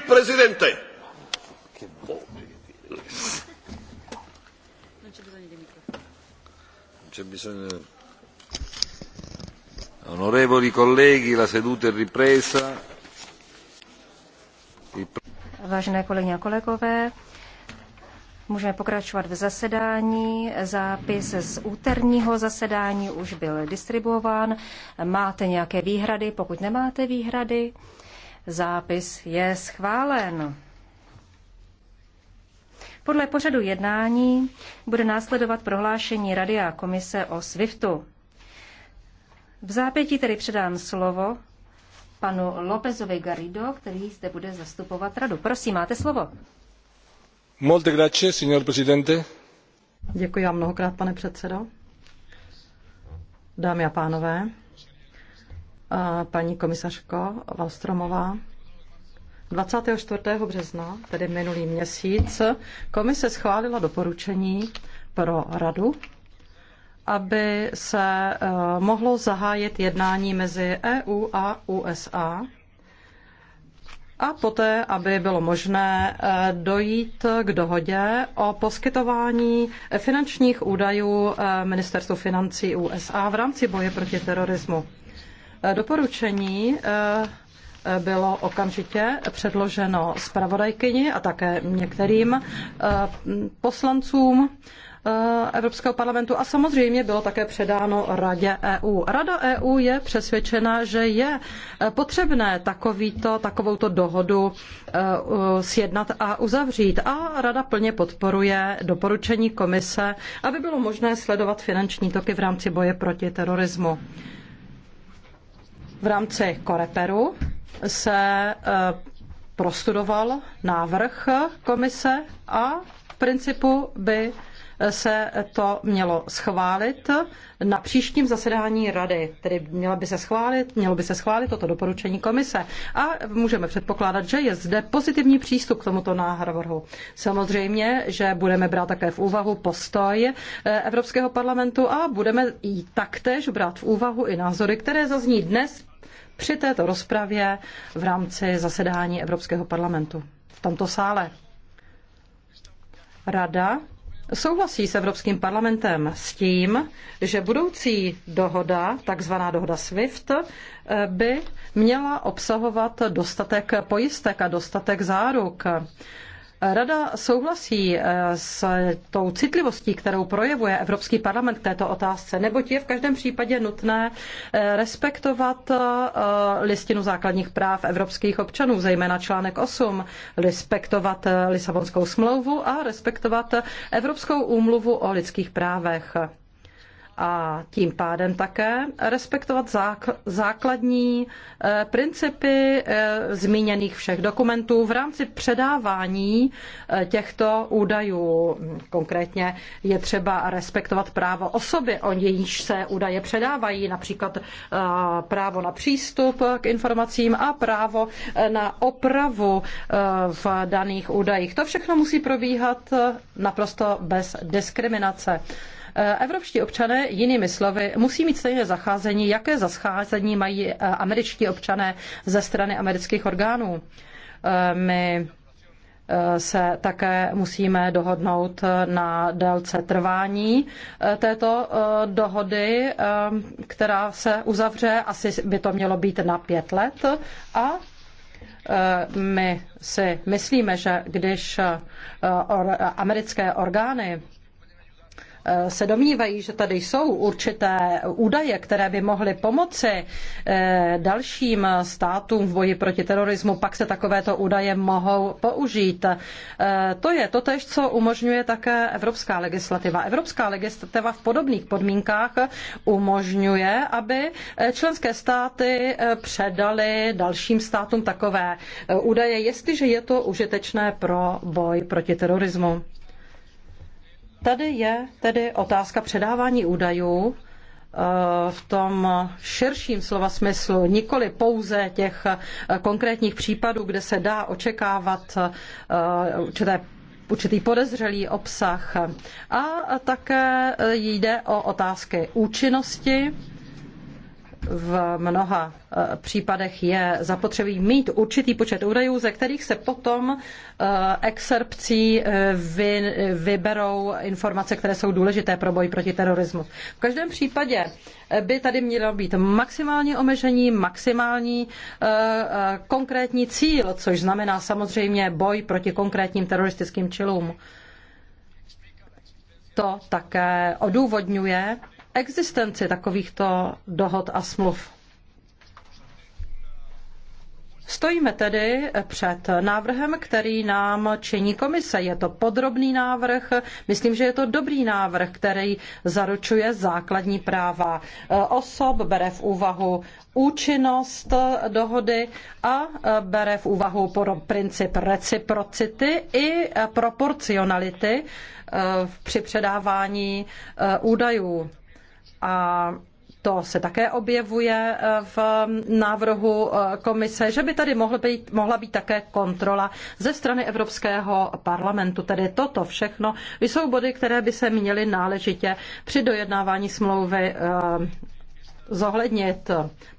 Signor Presidente. Non c'è bisogno di microfono. Non c'è bisogno. Onorevoli colleghi, la seduta è ripresa. Vážené kolegyně a kolegové, můžeme pokračovat v zasedání. Zápis z úterního zasedání už byl distribuován. Máte nějaké výhrady? Pokud nemáte výhrady, Zápis je schválen. Podle pořadu jednání bude následovat prohlášení Rady a komise o SWIFTu. V zápětí tedy předám slovo panu Lópezovi Garrido, který zde bude zastupovat radu. Prosím, máte slovo. Molte grazie, signor presidente. Děkuji vám mnohokrát, pane předsedo. Dámy a pánové, paní komisařko Valstromová. 24. března, tedy minulý měsíc, komise schválila doporučení pro radu, aby se eh, mohlo zahájit jednání mezi EU a USA a poté, aby bylo možné eh, dojít k dohodě o poskytování finančních údajů eh, Ministerstvu financí USA v rámci boje proti terorismu. Doporučení eh, bylo okamžitě předloženo zpravodajkyni a také některým eh, poslancům eh, Evropského parlamentu a samozřejmě bylo také předáno Radě EU. Rada EU je přesvědčena, že je potřebné takovýto, takovouto dohodu sjednat a uzavřít a Rada plně podporuje doporučení komise, aby bylo možné sledovat finanční toky v rámci boje proti terorismu. V rámci Koreperu se eh, prostudoval návrh komise a v principu by eh, se to mělo schválit na příštím zasedání rady, tedy mělo by se schválit, mělo by se schválit toto doporučení komise. A můžeme předpokládat, že je zde pozitivní přístup k tomuto návrhu. Samozřejmě, že budeme brát také v úvahu postoj eh, Evropského parlamentu a budeme i taktéž brát v úvahu i názory, které zazní dnes při této rozpravě v rámci zasedání Evropského parlamentu v tomto sále. Rada souhlasí s Evropským parlamentem s tím, že budoucí dohoda, takzvaná dohoda SWIFT, by měla obsahovat dostatek pojistek a dostatek záruk Rada souhlasí eh, s tou citlivostí, kterou projevuje Evropský parlament k této otázce, neboť je v každém případě nutné eh, respektovat eh, listinu základních práv evropských občanů, zejména článek 8, respektovat Lisabonskou smlouvu a respektovat Evropskou úmluvu o lidských právech a tím pádem také respektovat základní eh, principy eh, zmíněných všech dokumentů v rámci předávání eh, těchto údajů. Konkrétně je třeba respektovat právo osoby, o jejíž se údaje předávají, například právo na přístup k informacím a právo na opravu v daných údajích. To všechno musí probíhat naprosto bez diskriminace. Eh, evropští občané, jinými slovy, musí mít stejné zacházení, jaké zacházení mají eh, američtí občané ze strany amerických orgánů. Eh, my se také musíme dohodnout na délce trvání této dohody, která se uzavře. Asi by to mělo být na pět let. A my si myslíme, že když americké orgány Eh, se domnívají, že tady jsou určité údaje, které by mohly pomoci eh, dalším státům v boji proti terorismu, pak se takovéto údaje mohou použít. Eh, to je totež, co umožňuje také evropská legislativa. Evropská legislativa v podobných podmínkách umožňuje, aby členské státy předaly dalším státům takové údaje, jestliže je to užitečné pro boj proti terorismu. Tady je tedy otázka předávání údajů eh, v tom širším slova smyslu, nikoli pouze těch eh, konkrétních případů, kde se dá očekávat eh, určité určitý podezřelý obsah. A také jde o otázky účinnosti v mnoha eh, případech je zapotřebí mít určitý počet údajů, ze kterých se potom eh, excerpcí eh, vy, vyberou informace, které jsou důležité pro boj proti terorismu. V každém případě by tady mělo být maximální omezení, maximální konkrétní cíl, což znamená samozřejmě boj proti konkrétním teroristickým čilům to také odůvodňuje existenci takovýchto dohod a smluv. Stojíme tedy před návrhem, který nám činí komise. Je to podrobný návrh, myslím, že je to dobrý návrh, který zaručuje základní práva osob, bere v úvahu účinnost dohody a bere v úvahu princip reciprocity i proporcionality při předávání údajů a to se také objevuje eh, v mm, návrhu eh, komise, že by tady mohl být, mohla být také kontrola ze strany Evropského parlamentu. Tedy toto všechno jsou body, které by se měly náležitě při dojednávání smlouvy eh, zohlednit,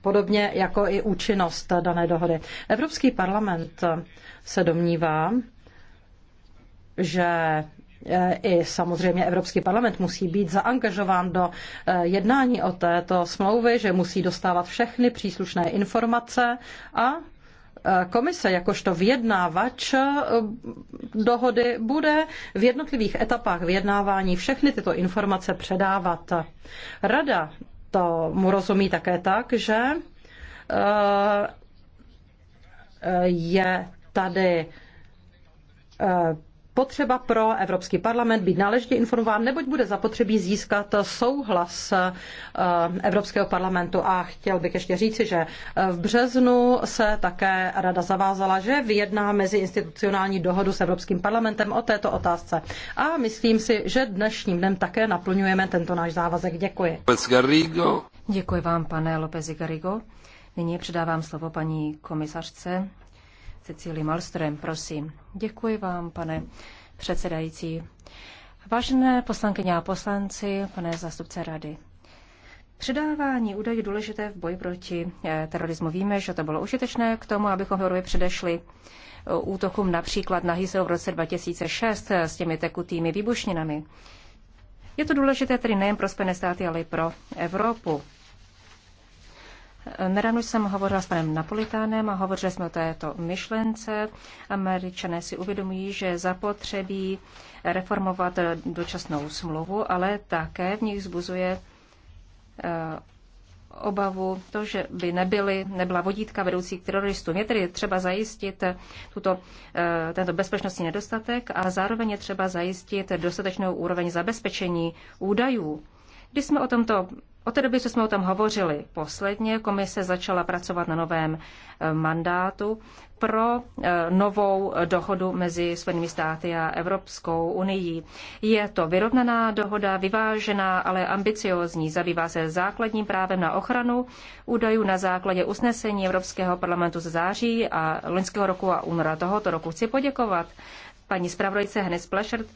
podobně jako i účinnost dané dohody. Evropský parlament se domnívá, že E, i samozřejmě Evropský parlament musí být zaangažován do e, jednání o této smlouvy, že musí dostávat všechny příslušné informace a e, komise jakožto vyjednávač dohody bude v jednotlivých etapách vyjednávání všechny tyto informace předávat. Rada to mu rozumí také tak, že je tady potřeba pro Evropský parlament být náležitě informován, neboť bude zapotřebí získat souhlas eh, Evropského parlamentu. A chtěl bych ještě říci, že eh, v březnu se také rada zavázala, že vyjedná meziinstitucionální dohodu s Evropským parlamentem o této otázce. A myslím si, že dnešním dnem také naplňujeme tento náš závazek. Děkuji. Děkuji vám, pane López Garrigo. Nyní předávám slovo paní komisařce Cecílii Malström, prosím. Děkuji vám, pane předsedající. Vážené poslankyně a poslanci, pane zástupce rady, Předávání údajů důležité v boji proti eh, terorismu. Víme, že to bylo užitečné k tomu, abychom v Evropě předešli eh, útokům například na Hysel v roce 2006 eh, s těmi tekutými výbušninami. Je to důležité tedy nejen pro Spojené státy, ale i pro Evropu. Nedávno jsem hovořila s panem Napolitánem a hovořili jsme o této myšlence. Američané si uvědomují, že zapotřebí reformovat dočasnou smlouvu, ale také v nich zbuzuje eh, obavu to, že by nebyly, nebyla vodítka vedoucí k teroristům. Je tedy třeba zajistit tuto, eh, tento bezpečnostní nedostatek a zároveň je třeba zajistit dostatečnou úroveň zabezpečení údajů. Když jsme o tomto od té doby, co jsme o tom hovořili posledně, komise začala pracovat na novém eh, mandátu pro eh, novou eh, dohodu mezi Spojenými státy a Evropskou unii. Je to vyrovnaná dohoda, vyvážená, ale ambiciozní. Zabývá se základním právem na ochranu údajů na základě usnesení Evropského parlamentu ze září a loňského roku a února tohoto roku. Chci poděkovat paní zpravodajce Hennes Plešert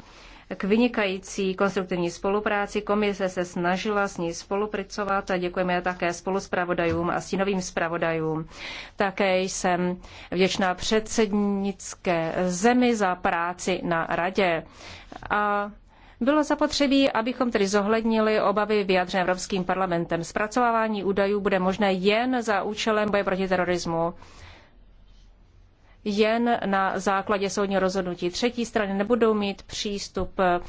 k vynikající konstruktivní spolupráci. Komise se snažila s ní spolupracovat a děkujeme také spoluspravodajům a stínovým spravodajům. Také jsem vděčná předsednické zemi za práci na radě. A bylo zapotřebí, abychom tedy zohlednili obavy vyjadřené Evropským parlamentem. Zpracovávání údajů bude možné jen za účelem boje proti terorismu jen na základě soudního rozhodnutí. Třetí strany nebudou mít přístup eh,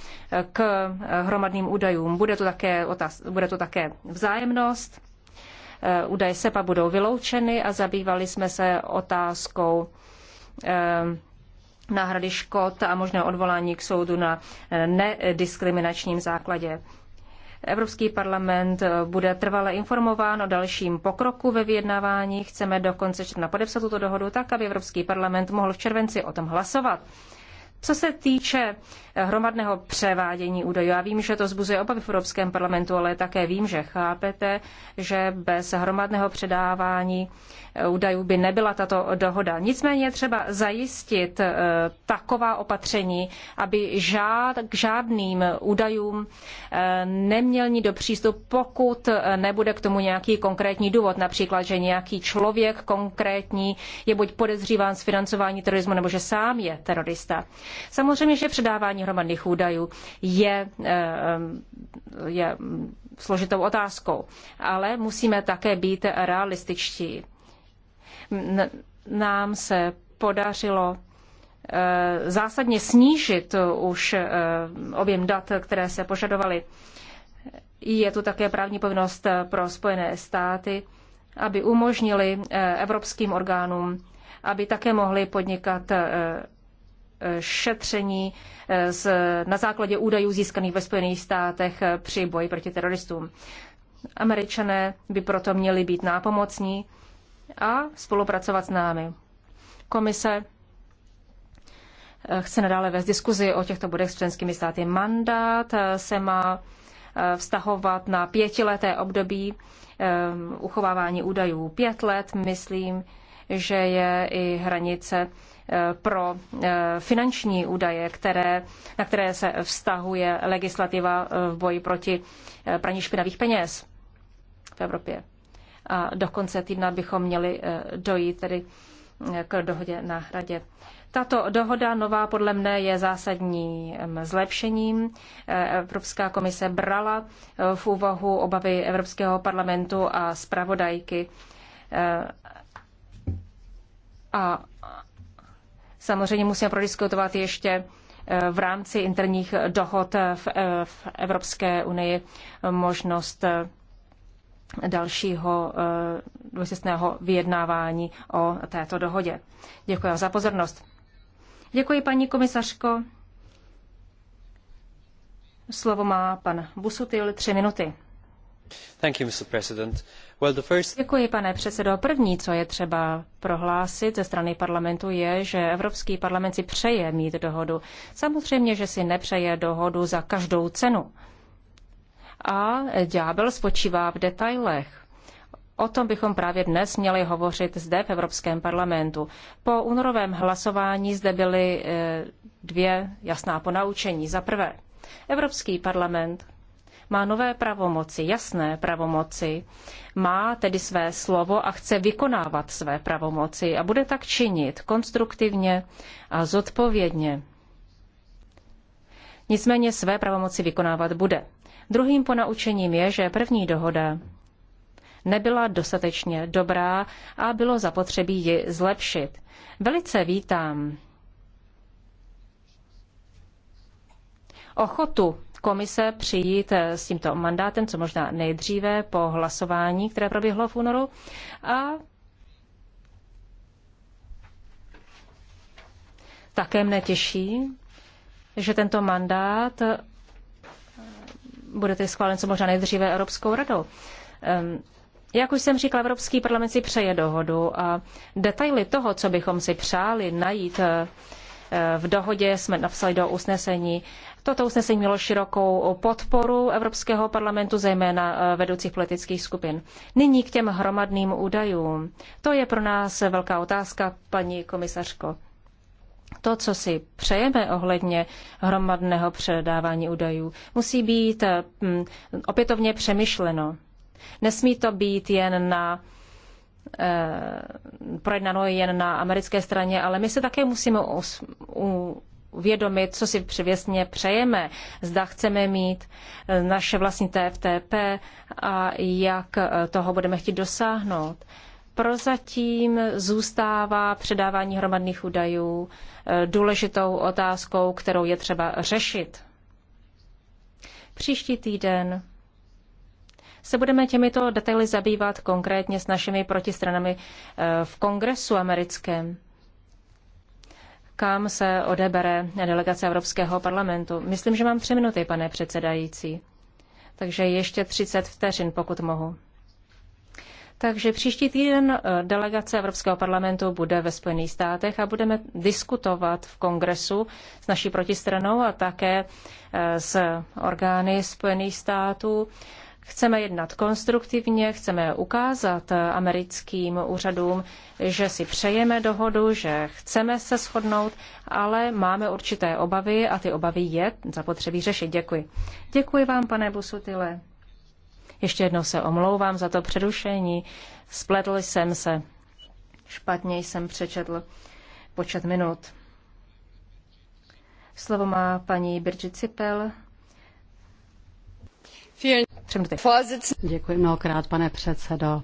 k eh, hromadným údajům. Bude to také, otáz, bude to také vzájemnost. Eh, údaje SEPA budou vyloučeny a zabývali jsme se otázkou náhrady škod a možné odvolání k soudu na nediskriminačním základě. Evropský parlament eh, bude trvale informován o dalším pokroku ve vyjednávání. Chceme do konce podepsat tuto dohodu tak, aby Evropský parlament mohl v červenci o tom hlasovat. Co se týče hromadného převádění údajů. Já vím, že to zbuzuje obavy v Evropském parlamentu, ale také vím, že chápete, že bez hromadného předávání eh, údajů by nebyla tato dohoda. Nicméně je třeba zajistit eh, taková opatření, aby žád, k žádným údajům eh, neměl nikdo přístup, pokud nebude k tomu nějaký konkrétní důvod, například, že nějaký člověk konkrétní je buď podezříván z financování terorismu nebo že sám je terorista. Samozřejmě, že předávání hromadných údajů je, eh, je složitou otázkou. Ale musíme také být realističtí. Nám se podařilo eh, zásadně snížit už eh, objem dat, které se požadovaly. Je tu také právní povinnost pro Spojené státy, aby umožnili evropským orgánům, aby také mohli podnikat šetření eh, z, na základě údajů získaných ve Spojených státech eh, při boji proti teroristům. Američané by proto měli být nápomocní a spolupracovat s námi. Komise eh, chce nadále vést diskuzi o těchto bodech s členskými státy. Mandát se má vztahovat na pětileté období uchovávání údajů. Pět let, myslím, že je i hranice pro eh, finanční údaje, které, na které se vztahuje legislativa eh, v boji proti eh, praní špinavých peněz v Evropě. A do konce týdna bychom měli dojít tedy k dohodě na radě. Tato dohoda nová podle mne je zásadním zlepšením. Evropská komise brala v úvahu obavy Evropského parlamentu a zpravodajky a Samozřejmě musíme prodiskutovat ještě eh, v rámci interních dohod eh, v, eh, v Evropské unii možnost dalšího dvojsestného vyjednávání o této dohodě. Děkuji vám za pozornost. Děkuji, paní komisařko. Slovo má pan Busutil, tři minuty. Děkuji, pane předsedo. První, co je třeba prohlásit ze strany parlamentu, je, že Evropský parlament si přeje mít dohodu. Samozřejmě, že si nepřeje dohodu za každou cenu. A ďábel spočívá v detailech. O tom bychom právě dnes měli hovořit zde v Evropském parlamentu. Po únorovém hlasování zde byly eh, dvě jasná ponaučení. Za prvé, Evropský parlament má nové pravomoci, jasné pravomoci, má tedy své slovo a chce vykonávat své pravomoci a bude tak činit konstruktivně a zodpovědně. Nicméně své pravomoci vykonávat bude. Druhým ponaučením je, že první dohoda nebyla dostatečně dobrá a bylo zapotřebí ji zlepšit. Velice vítám ochotu komise přijít eh, s tímto mandátem, co možná nejdříve po hlasování, které proběhlo v únoru. A také mne těší, že tento mandát eh, bude tedy schválen co možná nejdříve Evropskou radou. Ehm, jak už jsem říkal, Evropský parlament si přeje dohodu a detaily toho, co bychom si přáli najít eh, v dohodě, jsme napsali do usnesení Toto usnesení mělo širokou podporu Evropského parlamentu, zejména eh, vedoucích politických skupin. Nyní k těm hromadným údajům. To je pro nás velká otázka, paní komisařko. To, co si přejeme ohledně hromadného předávání údajů, musí být eh, hm, opětovně přemýšleno. Nesmí to být jen na eh, projednáno jen na americké straně, ale my se také musíme uvědomit, co si přivěsně přejeme, zda chceme mít eh, naše vlastní TFTP a jak eh, toho budeme chtít dosáhnout. Prozatím zůstává předávání hromadných údajů eh, důležitou otázkou, kterou je třeba řešit. Příští týden se budeme těmito detaily zabývat konkrétně s našimi protistranami v kongresu americkém kam se odebere delegace Evropského parlamentu. Myslím, že mám tři minuty, pane předsedající. Takže ještě 30 vteřin, pokud mohu. Takže příští týden eh, delegace Evropského parlamentu bude ve Spojených státech a budeme diskutovat v kongresu s naší protistranou a také eh, s orgány Spojených států Chceme jednat konstruktivně, chceme ukázat americkým úřadům, že si přejeme dohodu, že chceme se shodnout, ale máme určité obavy a ty obavy je zapotřebí řešit. Děkuji. Děkuji vám, pane Busutile. Ještě jednou se omlouvám za to přerušení. Spletl jsem se. Špatně jsem přečetl počet minut. Slovo má paní Birgit Cipel. Děkuji mnohokrát, pane předsedo.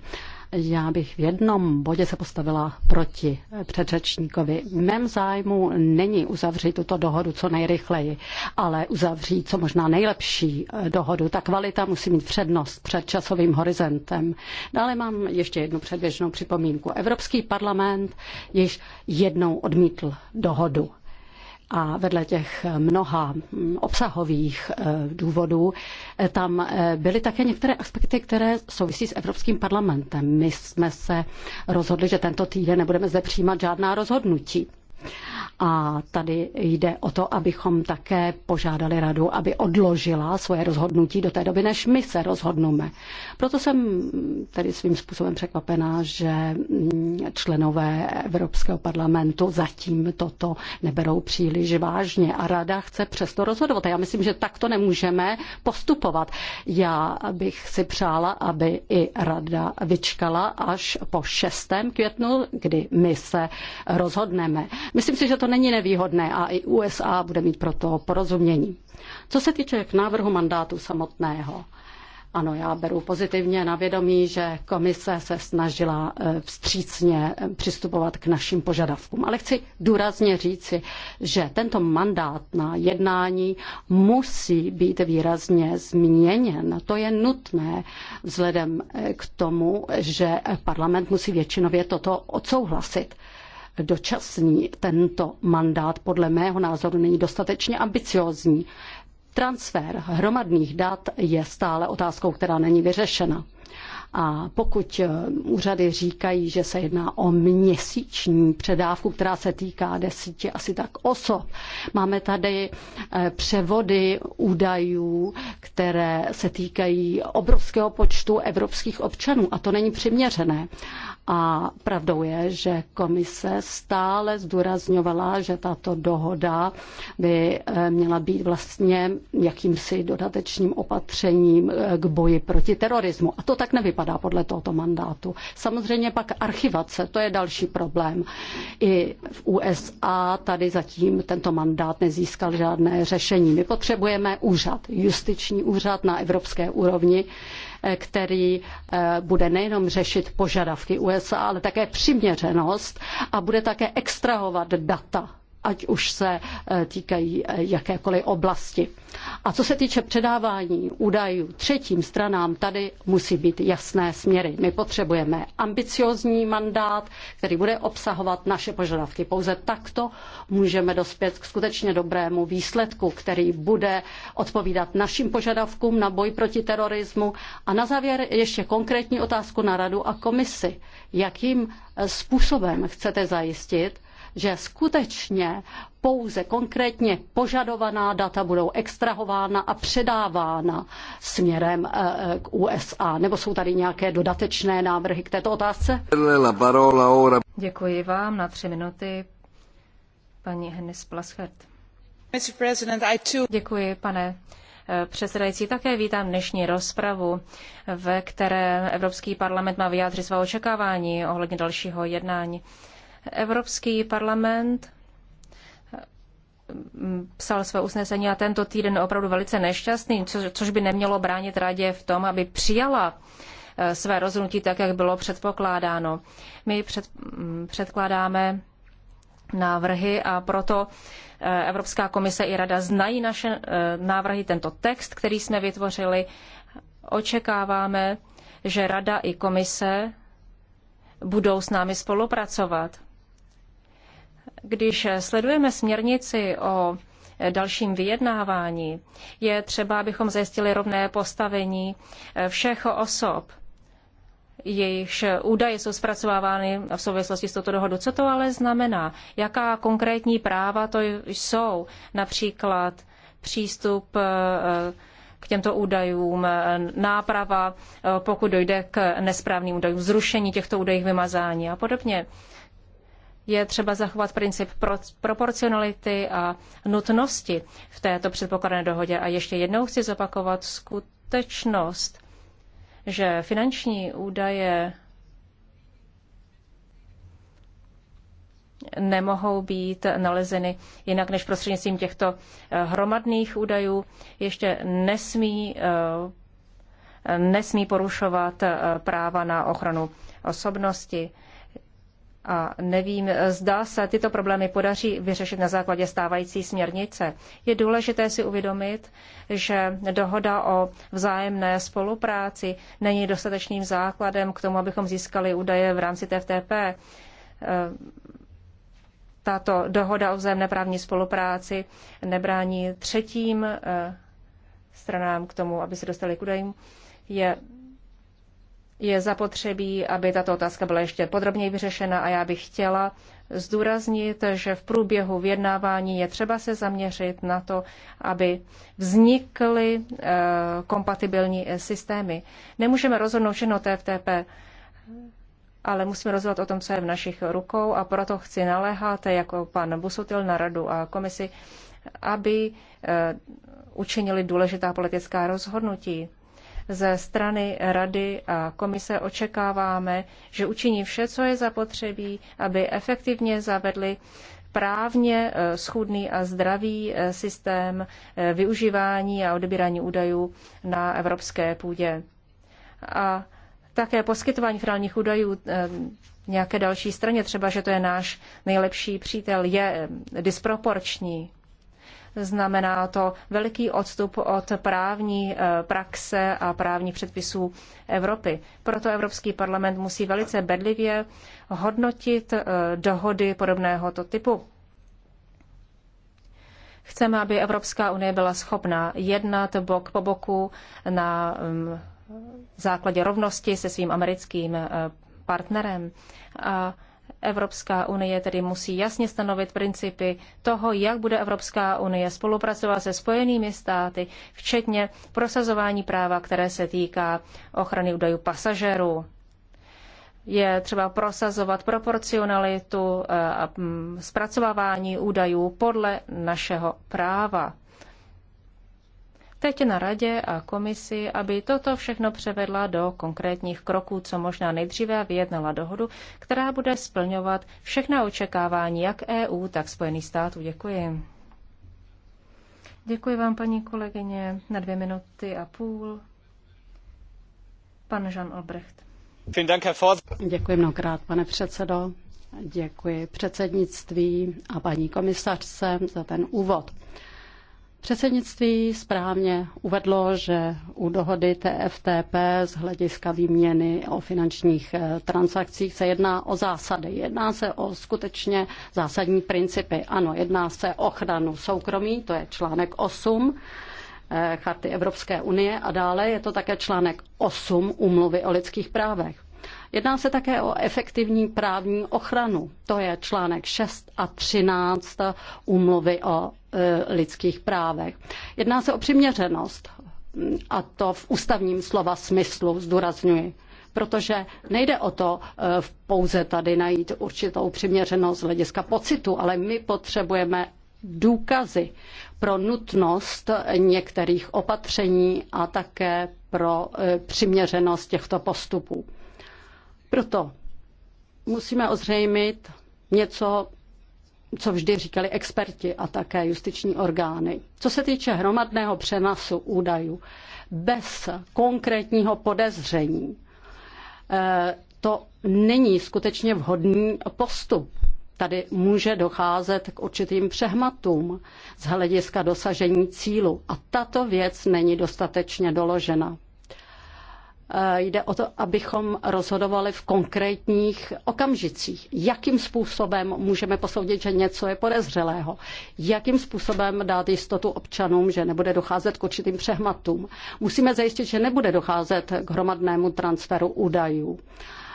Já bych v jednom bodě se postavila proti předřečníkovi. V mém zájmu není uzavřít tuto dohodu co nejrychleji, ale uzavřít co možná nejlepší eh, dohodu. Ta kvalita musí mít přednost před časovým horizontem. Dále mám ještě jednu předběžnou připomínku. Evropský parlament již jednou odmítl dohodu a vedle těch mnoha obsahových eh, důvodů eh, tam eh, byly také některé aspekty, které souvisí s Evropským parlamentem. My jsme se rozhodli, že tento týden nebudeme zde přijímat žádná rozhodnutí. A tady jde o to, abychom také požádali radu, aby odložila svoje rozhodnutí do té doby, než my se rozhodneme. Proto jsem tedy svým způsobem překvapená, že členové Evropského parlamentu zatím toto neberou příliš vážně a rada chce přesto rozhodovat. A já myslím, že takto nemůžeme postupovat. Já bych si přála, aby i rada vyčkala až po 6. květnu, kdy my se rozhodneme. Myslím si, že to není nevýhodné a i USA bude mít proto porozumění. Co se týče k návrhu mandátu samotného, ano, já beru pozitivně na vědomí, že komise se snažila eh, vstřícně eh, přistupovat k našim požadavkům. Ale chci důrazně říci, že tento mandát na jednání musí být výrazně změněn. To je nutné vzhledem eh, k tomu, že parlament musí většinově toto odsouhlasit dočasný tento mandát podle mého názoru není dostatečně ambiciozní. Transfer hromadných dat je stále otázkou, která není vyřešena. A pokud eh, úřady říkají, že se jedná o měsíční předávku, která se týká desíti asi tak osob, máme tady eh, převody údajů, které se týkají obrovského počtu evropských občanů a to není přiměřené. A pravdou je, že komise stále zdůrazňovala, že tato dohoda by eh, měla být vlastně jakýmsi dodatečným opatřením k boji proti terorismu. A to tak nevypadá vypadá podle tohoto mandátu. Samozřejmě pak archivace, to je další problém. I v USA tady zatím tento mandát nezískal žádné řešení. My potřebujeme úřad, justiční úřad na evropské úrovni, eh, který eh, bude nejenom řešit požadavky USA, ale také přiměřenost a bude také extrahovat data ať už se eh, týkají eh, jakékoliv oblasti. A co se týče předávání údajů třetím stranám, tady musí být jasné směry. My potřebujeme ambiciozní mandát, který bude obsahovat naše požadavky. Pouze takto můžeme dospět k skutečně dobrému výsledku, který bude odpovídat našim požadavkům na boj proti terorismu. A na závěr ještě konkrétní otázku na radu a komisi. Jakým eh, způsobem chcete zajistit, že skutečně pouze konkrétně požadovaná data budou extrahována a předávána směrem eh, eh, k USA? Nebo jsou tady nějaké dodatečné návrhy k této otázce? Děkuji vám na tři minuty, paní Hennis Plaschert. Děkuji, pane eh, předsedající, také vítám dnešní rozpravu, ve které Evropský parlament má vyjádřit svá očekávání ohledně dalšího jednání. Evropský parlament mm, psal své usnesení a tento týden opravdu velice nešťastný, co, což by nemělo bránit radě v tom, aby přijala eh, své rozhodnutí tak, jak bylo předpokládáno. My před, mm, předkládáme návrhy a proto eh, Evropská komise i Rada znají naše eh, návrhy, tento text, který jsme vytvořili. Očekáváme, že Rada i komise budou s námi spolupracovat. Když sledujeme směrnici o dalším vyjednávání, je třeba, abychom zajistili rovné postavení eh, všech osob, jejichž údaje jsou zpracovávány v souvislosti s touto dohodou. Co to ale znamená? Jaká konkrétní práva to jsou? Například přístup eh, k těmto údajům, eh, náprava, pokud dojde k nesprávným údajům, zrušení těchto údajů, vymazání a podobně je třeba zachovat princip proporcionality a nutnosti v této předpokládané dohodě. A ještě jednou chci zopakovat skutečnost, že finanční údaje nemohou být nalezeny jinak než prostřednictvím těchto eh, hromadných údajů. Ještě nesmí, eh, nesmí porušovat eh, práva na ochranu osobnosti a nevím, zda se tyto problémy podaří vyřešit na základě stávající směrnice. Je důležité si uvědomit, že dohoda o vzájemné spolupráci není dostatečným základem k tomu, abychom získali údaje v rámci TFTP. E, tato dohoda o vzájemné právní spolupráci nebrání třetím e, stranám k tomu, aby se dostali k údajům. Je je zapotřebí, aby tato otázka byla ještě podrobněji vyřešena a já bych chtěla zdůraznit, že v průběhu vyjednávání je třeba se zaměřit na to, aby vznikly eh, kompatibilní eh, systémy. Nemůžeme rozhodnout všechno TFTP, ale musíme rozhodovat o tom, co je v našich rukou a proto chci naléhat eh, jako pan Busutil na radu a komisi, aby učinili důležitá politická rozhodnutí ze strany Rady a Komise očekáváme, že učiní vše, co je zapotřebí, aby efektivně zavedli právně eh, schudný a zdravý eh, systém eh, využívání a odebírání údajů na evropské půdě. A také poskytování finálních údajů nějaké další straně, třeba že to je náš nejlepší přítel, je disproporční. Znamená to veliký odstup od právní eh, praxe a právních předpisů Evropy. Proto Evropský parlament musí velice bedlivě hodnotit eh, dohody podobného typu. Chceme, aby Evropská unie byla schopna jednat bok po boku na mm, základě rovnosti se svým americkým eh, partnerem. A Evropská unie tedy musí jasně stanovit principy toho, jak bude Evropská unie spolupracovat se spojenými státy, včetně prosazování práva, které se týká ochrany údajů pasažerů. Je třeba prosazovat proporcionalitu eh, a mm, zpracovávání údajů podle našeho práva. Teď na radě a komisi, aby toto všechno převedla do konkrétních kroků, co možná nejdříve a vyjednala dohodu, která bude splňovat všechna očekávání jak EU, tak Spojených států. Děkuji. Děkuji vám, paní kolegyně, na dvě minuty a půl. Pan Jean Albrecht. Děkuji mnohokrát, pane předsedo. Děkuji předsednictví a paní komisařce za ten úvod. Předsednictví správně uvedlo, že u dohody TFTP z hlediska výměny o finančních eh, transakcích se jedná o zásady. Jedná se o skutečně zásadní principy. Ano, jedná se o ochranu soukromí, to je článek 8 eh, Charty Evropské unie a dále je to také článek 8 Úmluvy o lidských právech. Jedná se také o efektivní právní ochranu. To je článek 6 a 13 úmluvy o Eh, lidských právech. Jedná se o přiměřenost a to v ústavním slova smyslu zdůrazňuji protože nejde o to eh, pouze tady najít určitou přiměřenost z hlediska pocitu, ale my potřebujeme důkazy pro nutnost některých opatření a také pro eh, přiměřenost těchto postupů. Proto musíme ozřejmit něco, co vždy říkali experti a také justiční orgány. Co se týče hromadného přenasu údajů, bez konkrétního podezření, eh, to není skutečně vhodný postup. Tady může docházet k určitým přehmatům z hlediska dosažení cílu a tato věc není dostatečně doložena. Eh, jde o to, abychom rozhodovali v konkrétních okamžicích. Jakým způsobem můžeme posoudit, že něco je podezřelého? Jakým způsobem dát jistotu občanům, že nebude docházet k určitým přehmatům? Musíme zajistit, že nebude docházet k hromadnému transferu údajů.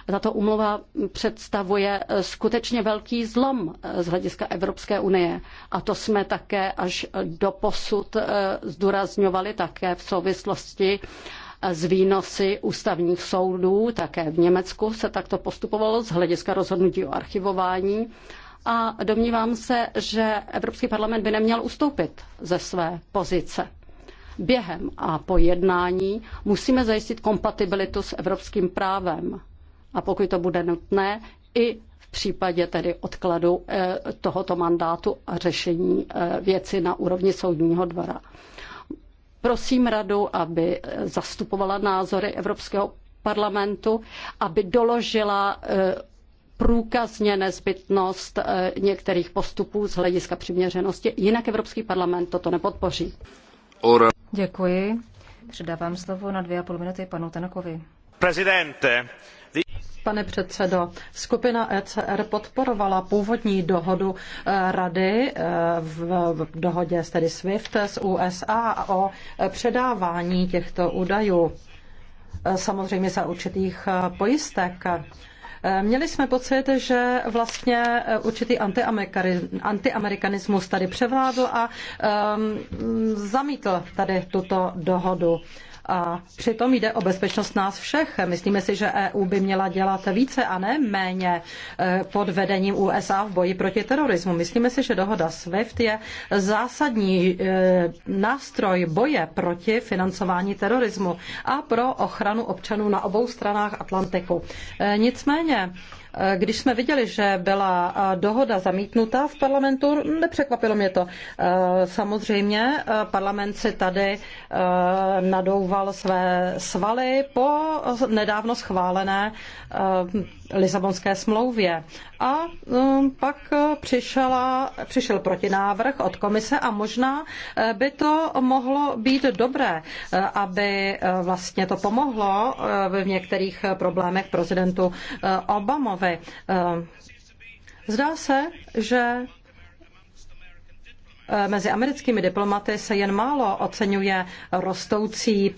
Tato umluva představuje eh, skutečně velký zlom eh, z hlediska Evropské unie. A to jsme také až do posud zdůrazňovali také v souvislosti z výnosy ústavních soudů, také v Německu se takto postupovalo z hlediska rozhodnutí o archivování a domnívám se, že Evropský parlament by neměl ustoupit ze své pozice. Během a po jednání musíme zajistit kompatibilitu s evropským právem a pokud to bude nutné, i v případě tedy odkladu eh, tohoto mandátu a řešení eh, věci na úrovni soudního dvora. Prosím radu, aby eh, zastupovala názory Evropského parlamentu, aby doložila eh, průkazně nezbytnost eh, některých postupů z hlediska přiměřenosti, jinak Evropský parlament toto nepodpoří. Děkuji. Předávám slovo na dvě a půl minuty panu Tanakovi. Prezidente, pane předsedo. Skupina ECR podporovala původní dohodu eh, rady eh, v dohodě s tedy SWIFT z USA o eh, předávání těchto údajů. Samozřejmě za určitých pojistek. Měli jsme pocit, že vlastně určitý antiamerikanismus tady převládl a um, zamítl tady tuto dohodu. A přitom jde o bezpečnost nás všech. Myslíme si, že EU by měla dělat více a ne méně eh, pod vedením USA v boji proti terorismu. Myslíme si, že dohoda SWIFT je zásadní eh, nástroj boje proti financování terorismu a pro ochranu občanů na obou stranách Atlantiku. Eh, nicméně, když jsme viděli, že byla dohoda zamítnuta v parlamentu, nepřekvapilo mě to. E, samozřejmě e, parlament si tady e, nadouval své svaly po nedávno schválené Lisabonské smlouvě. A um, pak přišla, přišel protinávrh od komise a možná eh, by to mohlo být dobré, eh, aby eh, vlastně to pomohlo v některých problémech prezidentu Obamovi. Zdá se, že mezi americkými diplomaty se jen málo oceňuje rostoucí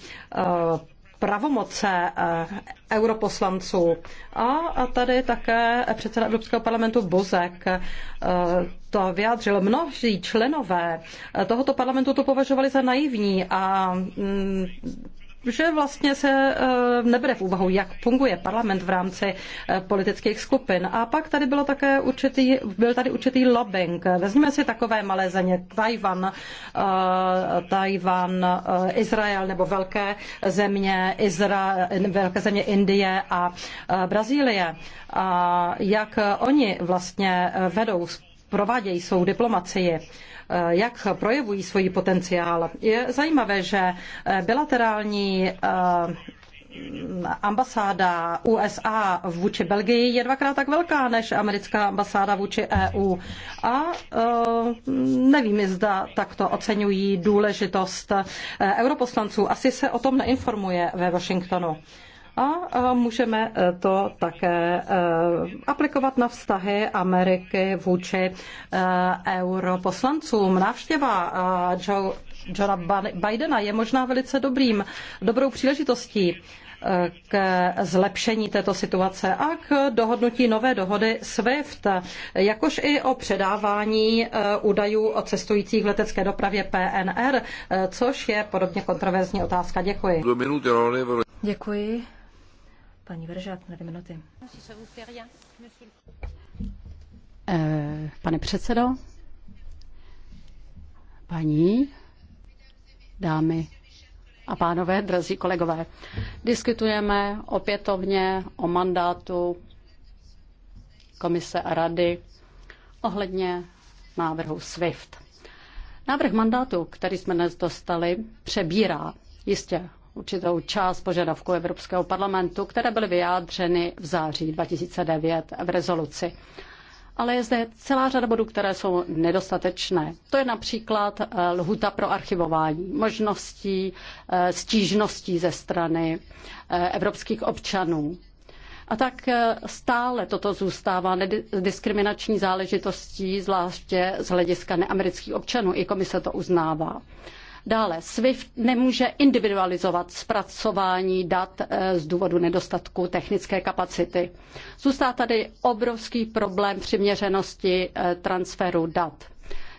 pravomoce eh, europoslanců. A a tady také předseda Evropského parlamentu Bozek eh, to vyjádřil. mnozí členové eh, tohoto parlamentu to považovali za naivní a mm, že vlastně se eh, nebere v úvahu, jak funguje parlament v rámci eh, politických skupin. A pak tady bylo také určitý, byl tady určitý lobbying. Vezmeme si takové malé země, Tajvan, eh, Tajvan, Izrael nebo velké země, Izra, velké země Indie a Brazílie. A jak oni vlastně vedou provádějí svou diplomacii, eh, jak projevují svůj potenciál. Je zajímavé, že eh, bilaterální eh, ambasáda USA vůči Belgii je dvakrát tak velká než americká ambasáda vůči EU. A nevím, zda takto oceňují důležitost europoslanců. Asi se o tom neinformuje ve Washingtonu a e, můžeme e, to také e, aplikovat na vztahy Ameriky vůči europoslancům. Návštěva Joe, Johna Bidena je možná velice dobrým, dobrou příležitostí k zlepšení této situace a k dohodnutí nové dohody SWIFT, jakož i o předávání údajů o cestujících v letecké dopravě PNR, což je podobně kontroverzní otázka. Děkuji. Děkuji. Paní Veržák na dvě minuty. Eh, pane předsedo, paní, dámy a pánové, drazí kolegové, diskutujeme opětovně o mandátu komise a rady ohledně návrhu SWIFT. Návrh mandátu, který jsme dnes dostali, přebírá jistě určitou část požadavků Evropského parlamentu, které byly vyjádřeny v září 2009 v rezoluci. Ale je zde celá řada bodů, které jsou nedostatečné. To je například eh, lhuta pro archivování, možností eh, stížností ze strany eh, evropských občanů. A tak stále toto zůstává diskriminační záležitostí, zvláště z hlediska neamerických občanů. I komise to uznává. Dále SWIFT nemůže individualizovat zpracování dat eh, z důvodu nedostatku technické kapacity. Zůstá tady obrovský problém přiměřenosti eh, transferu dat.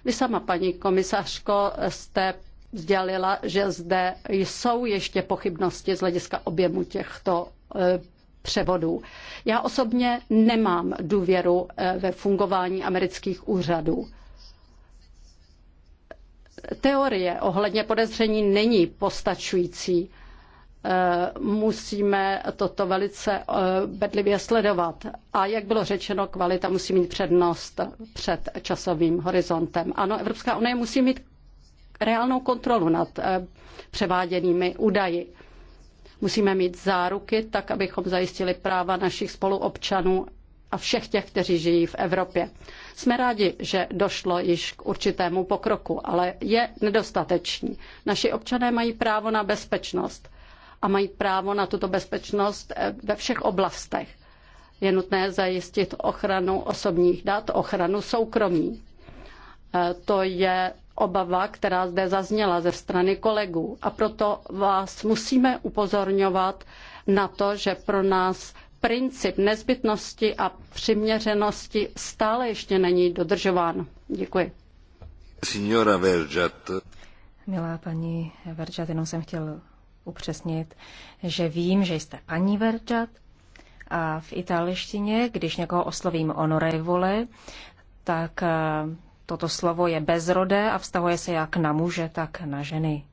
Vy sama, paní komisařko, jste sdělila, že zde jsou ještě pochybnosti z hlediska objemu těchto eh, převodů. Já osobně nemám důvěru ve fungování amerických úřadů teorie ohledně podezření není postačující. Eh, musíme toto velice eh, bedlivě sledovat. A jak bylo řečeno, kvalita musí mít přednost před časovým horizontem. Ano, Evropská unie musí mít reálnou kontrolu nad eh, převáděnými údaji. Musíme mít záruky, tak abychom zajistili práva našich spoluobčanů a všech těch, kteří žijí v Evropě. Jsme rádi, že došlo již k určitému pokroku, ale je nedostatečný. Naši občané mají právo na bezpečnost a mají právo na tuto bezpečnost eh, ve všech oblastech. Je nutné zajistit ochranu osobních dat, ochranu soukromí. Eh, to je obava, která zde zazněla ze strany kolegů. A proto vás musíme upozorňovat na to, že pro nás princip nezbytnosti a přiměřenosti stále ještě není dodržován. Děkuji. Signora Verjat. Milá paní Verjat, jenom jsem chtěl upřesnit, že vím, že jste paní Verjat a v italštině, když někoho oslovím honorevole, tak eh, toto slovo je bezrodé a vztahuje se jak na muže, tak na ženy.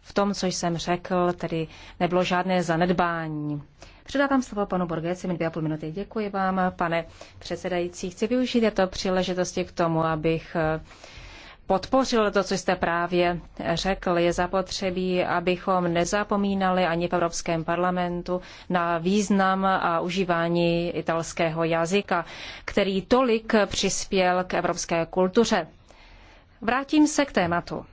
V tom, co jsem řekl, tedy nebylo žádné zanedbání. Předávám slovo panu Borgeci, mi dvě a půl minuty. Děkuji vám, pane předsedající. Chci využít této příležitosti k tomu, abych eh, podpořil to, co jste právě řekl. Je zapotřebí, abychom nezapomínali ani v Evropském parlamentu na význam a užívání italského jazyka, který tolik přispěl k evropské kultuře. Vrátím se k tématu.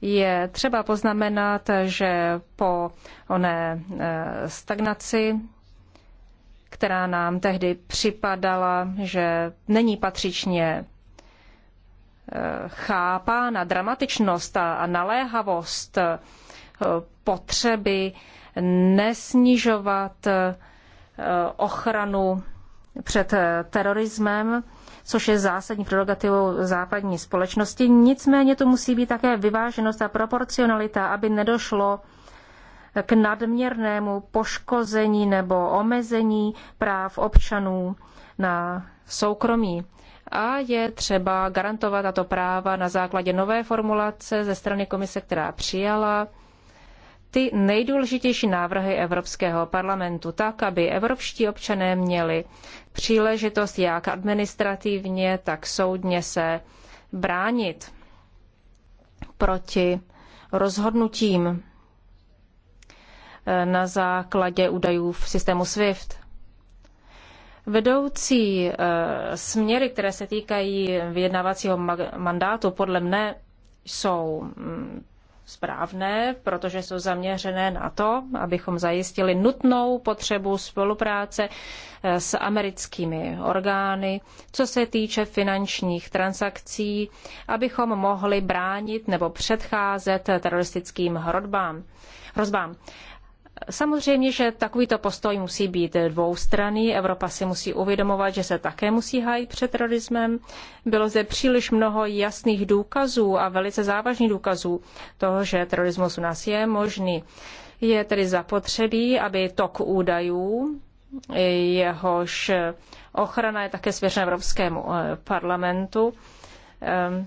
Je třeba poznamenat, že po oné e, stagnaci, která nám tehdy připadala, že není patřičně e, chápána dramatičnost a naléhavost e, potřeby nesnižovat ochranu před terorismem, což je zásadní prerogativou západní společnosti. Nicméně to musí být také vyváženost a proporcionalita, aby nedošlo k nadměrnému poškození nebo omezení práv občanů na soukromí. A je třeba garantovat tato práva na základě nové formulace ze strany komise, která přijala ty nejdůležitější návrhy Evropského parlamentu, tak, aby evropští občané měli příležitost jak administrativně, tak soudně se bránit proti rozhodnutím eh, na základě údajů v systému SWIFT. Vedoucí eh, směry, které se týkají vyjednávacího mandátu, podle mne jsou mm, správné, protože jsou zaměřené na to, abychom zajistili nutnou potřebu spolupráce eh, s americkými orgány, co se týče finančních transakcí, abychom mohli bránit nebo předcházet teroristickým hrozbám. Samozřejmě, že takovýto postoj musí být dvoustranný. Evropa si musí uvědomovat, že se také musí hájit před terorismem. Bylo zde příliš mnoho jasných důkazů a velice závažných důkazů toho, že terorismus u nás je možný. Je tedy zapotřebí, aby tok údajů, jehož ochrana je také svěřena Evropskému eh, parlamentu, eh,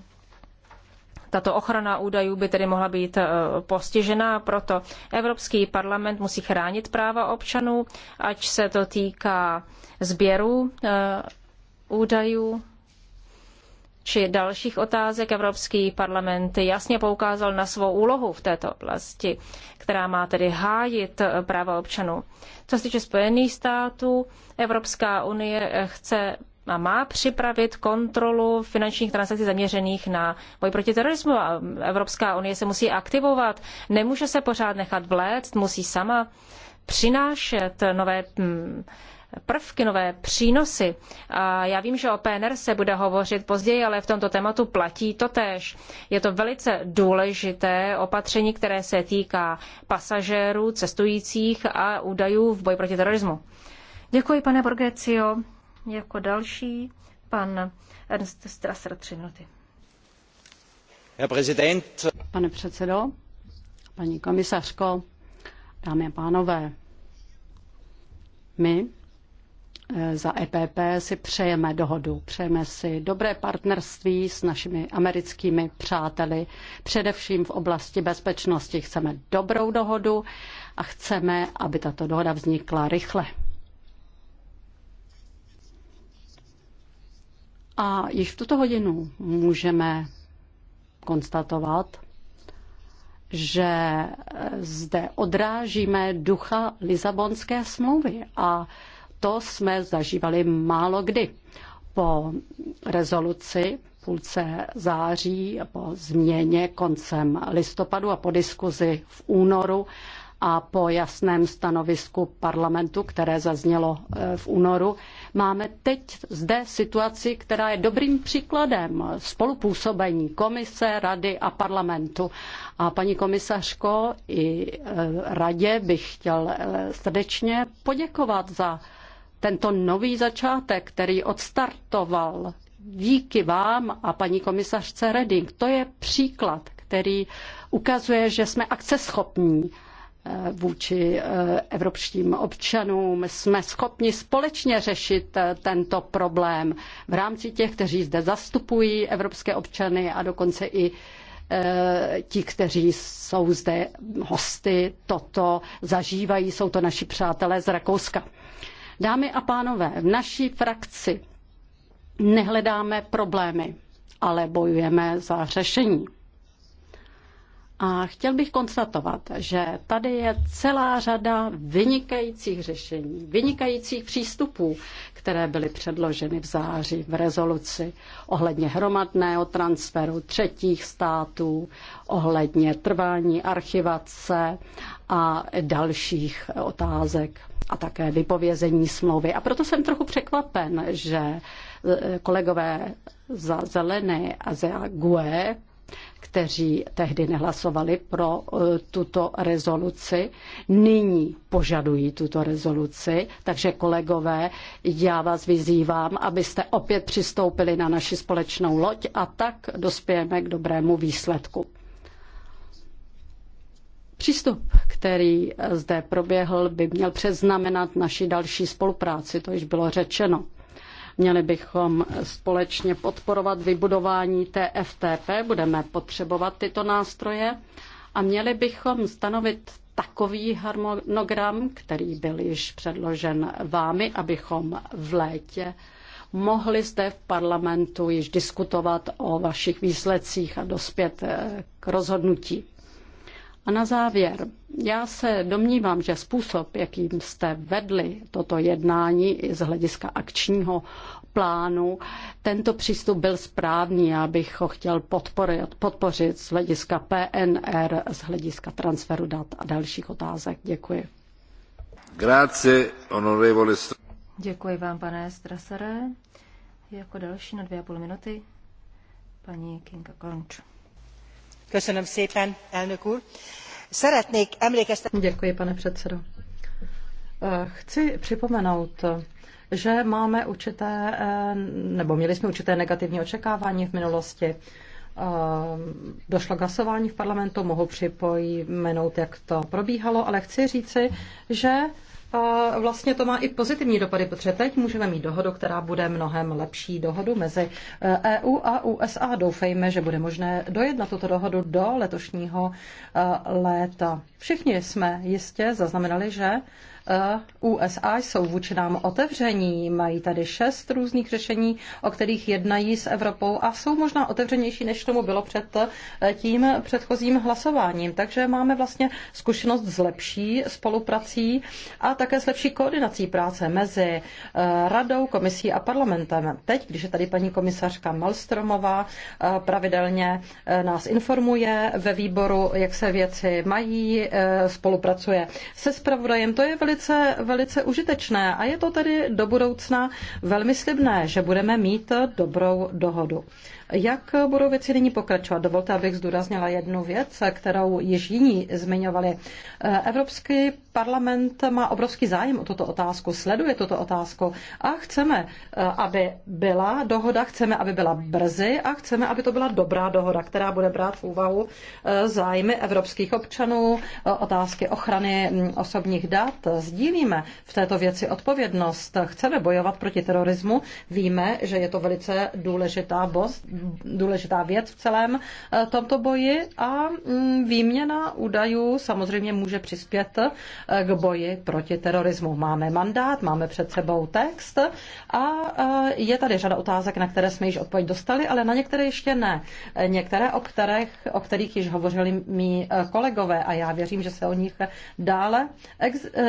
tato ochrana údajů by tedy mohla být e, postižena, proto Evropský parlament musí chránit práva občanů, ať se to týká sběru e, údajů či dalších otázek Evropský parlament jasně poukázal na svou úlohu v této oblasti, která má tedy hájit e, práva občanů. Co se týče Spojených států, Evropská unie chce a má připravit kontrolu finančních transakcí zaměřených na boj proti terorismu. A Evropská unie se musí aktivovat, nemůže se pořád nechat vléct, musí sama přinášet nové mm, prvky, nové přínosy. A já vím, že o PNR se bude hovořit později, ale v tomto tématu platí to tež. Je to velice důležité opatření, které se týká pasažérů, cestujících a údajů v boji proti terorismu. Děkuji, pane Borgecio. Jako další pan Ernst Strasser, tři minuty. Pane předsedo, paní komisařko, dámy a pánové, my eh, za EPP si přejeme dohodu, přejeme si dobré partnerství s našimi americkými přáteli, především v oblasti bezpečnosti. Chceme dobrou dohodu a chceme, aby tato dohoda vznikla rychle. A již v tuto hodinu můžeme konstatovat, že zde odrážíme ducha Lisabonské smlouvy a to jsme zažívali málo kdy. Po rezoluci půlce září, po změně koncem listopadu a po diskuzi v únoru a po jasném stanovisku parlamentu, které zaznělo eh, v únoru, Máme teď zde situaci, která je dobrým příkladem spolupůsobení komise, rady a parlamentu. A paní komisařko, i e, radě bych chtěl e, srdečně poděkovat za tento nový začátek, který odstartoval díky vám a paní komisařce Reding. To je příklad, který ukazuje, že jsme akceschopní Eh, vůči eh, evropským občanům. Jsme schopni společně řešit eh, tento problém v rámci těch, kteří zde zastupují evropské občany a dokonce i ti, kteří jsou zde hosty, toto zažívají, jsou to naši přátelé z Rakouska. Dámy a pánové, v naší frakci nehledáme problémy, ale bojujeme za řešení. A chtěl bych konstatovat, že tady je celá řada vynikajících řešení, vynikajících přístupů, které byly předloženy v září v rezoluci ohledně hromadného transferu třetích států, ohledně trvání archivace a dalších otázek a také vypovězení smlouvy. A proto jsem trochu překvapen, že eh, kolegové za Zelené a za GUE kteří tehdy nehlasovali pro e, tuto rezoluci, nyní požadují tuto rezoluci. Takže kolegové, já vás vyzývám, abyste opět přistoupili na naši společnou loď a tak dospějeme k dobrému výsledku. Přístup, který zde proběhl, by měl přeznamenat naši další spolupráci, to již bylo řečeno. Měli bychom společně podporovat vybudování TFTP, budeme potřebovat tyto nástroje a měli bychom stanovit takový harmonogram, který byl již předložen vámi, abychom v létě mohli zde v parlamentu již diskutovat o vašich výsledcích a dospět eh, k rozhodnutí. A na závěr, já se domnívám, že způsob, jakým jste vedli toto jednání i z hlediska akčního plánu, tento přístup byl správný. Já bych ho chtěl podporit, podpořit z hlediska PNR, z hlediska transferu dat a dalších otázek. Děkuji. Grazie, onorevole. Děkuji vám, pane Strasere. Jako další na dvě a půl minuty paní Kinga Konč. Děkuji, pane eh, Chci připomenout, že máme určité, eh, nebo měli jsme určité negativní očekávání v minulosti. Eh, došlo k hlasování v parlamentu, mohu připojmenout, jak to probíhalo, ale chci říci, že a vlastně to má i pozitivní dopady, protože teď můžeme mít dohodu, která bude mnohem lepší dohodu mezi EU eh, e a USA. Doufejme, že bude možné na tuto dohodu do letošního eh, léta. Všichni jsme jistě zaznamenali, že E, USA jsou vůči nám otevření, mají tady šest různých řešení, o kterých jednají s Evropou a jsou možná otevřenější, než tomu bylo před e, tím předchozím hlasováním. Takže máme vlastně zkušenost s lepší spoluprací a také s lepší koordinací práce mezi e, radou, komisí a parlamentem. Teď, když je tady paní komisařka Malstromová, pravidelně nás informuje ve výboru, jak se věci mají, spolupracuje se spravodajem. To je velice velice, velice užitečné a je to tedy do budoucna velmi slibné, že budeme mít dobrou dohodu. Jak budou věci nyní pokračovat? Dovolte, abych zdůraznila jednu věc, kterou již jiní zmiňovali. Evropský parlament má obrovský zájem o tuto otázku, sleduje tuto otázku a chceme, aby byla dohoda, chceme, aby byla brzy a chceme, aby to byla dobrá dohoda, která bude brát v úvahu eh, zájmy evropských občanů, eh, otázky ochrany mm, osobních dat. Sdílíme v této věci odpovědnost. Chceme bojovat proti terorismu. Víme, že je to velice důležitá důležitá věc v celém eh, tomto boji a mm, výměna údajů samozřejmě může přispět eh, k boji proti terorismu. Máme mandát, máme před sebou text a eh, je tady řada otázek, na které jsme již odpověď dostali, ale na některé ještě ne. Některé, o kterých, o kterých již hovořili mý kolegové a já věřím, že se o nich dále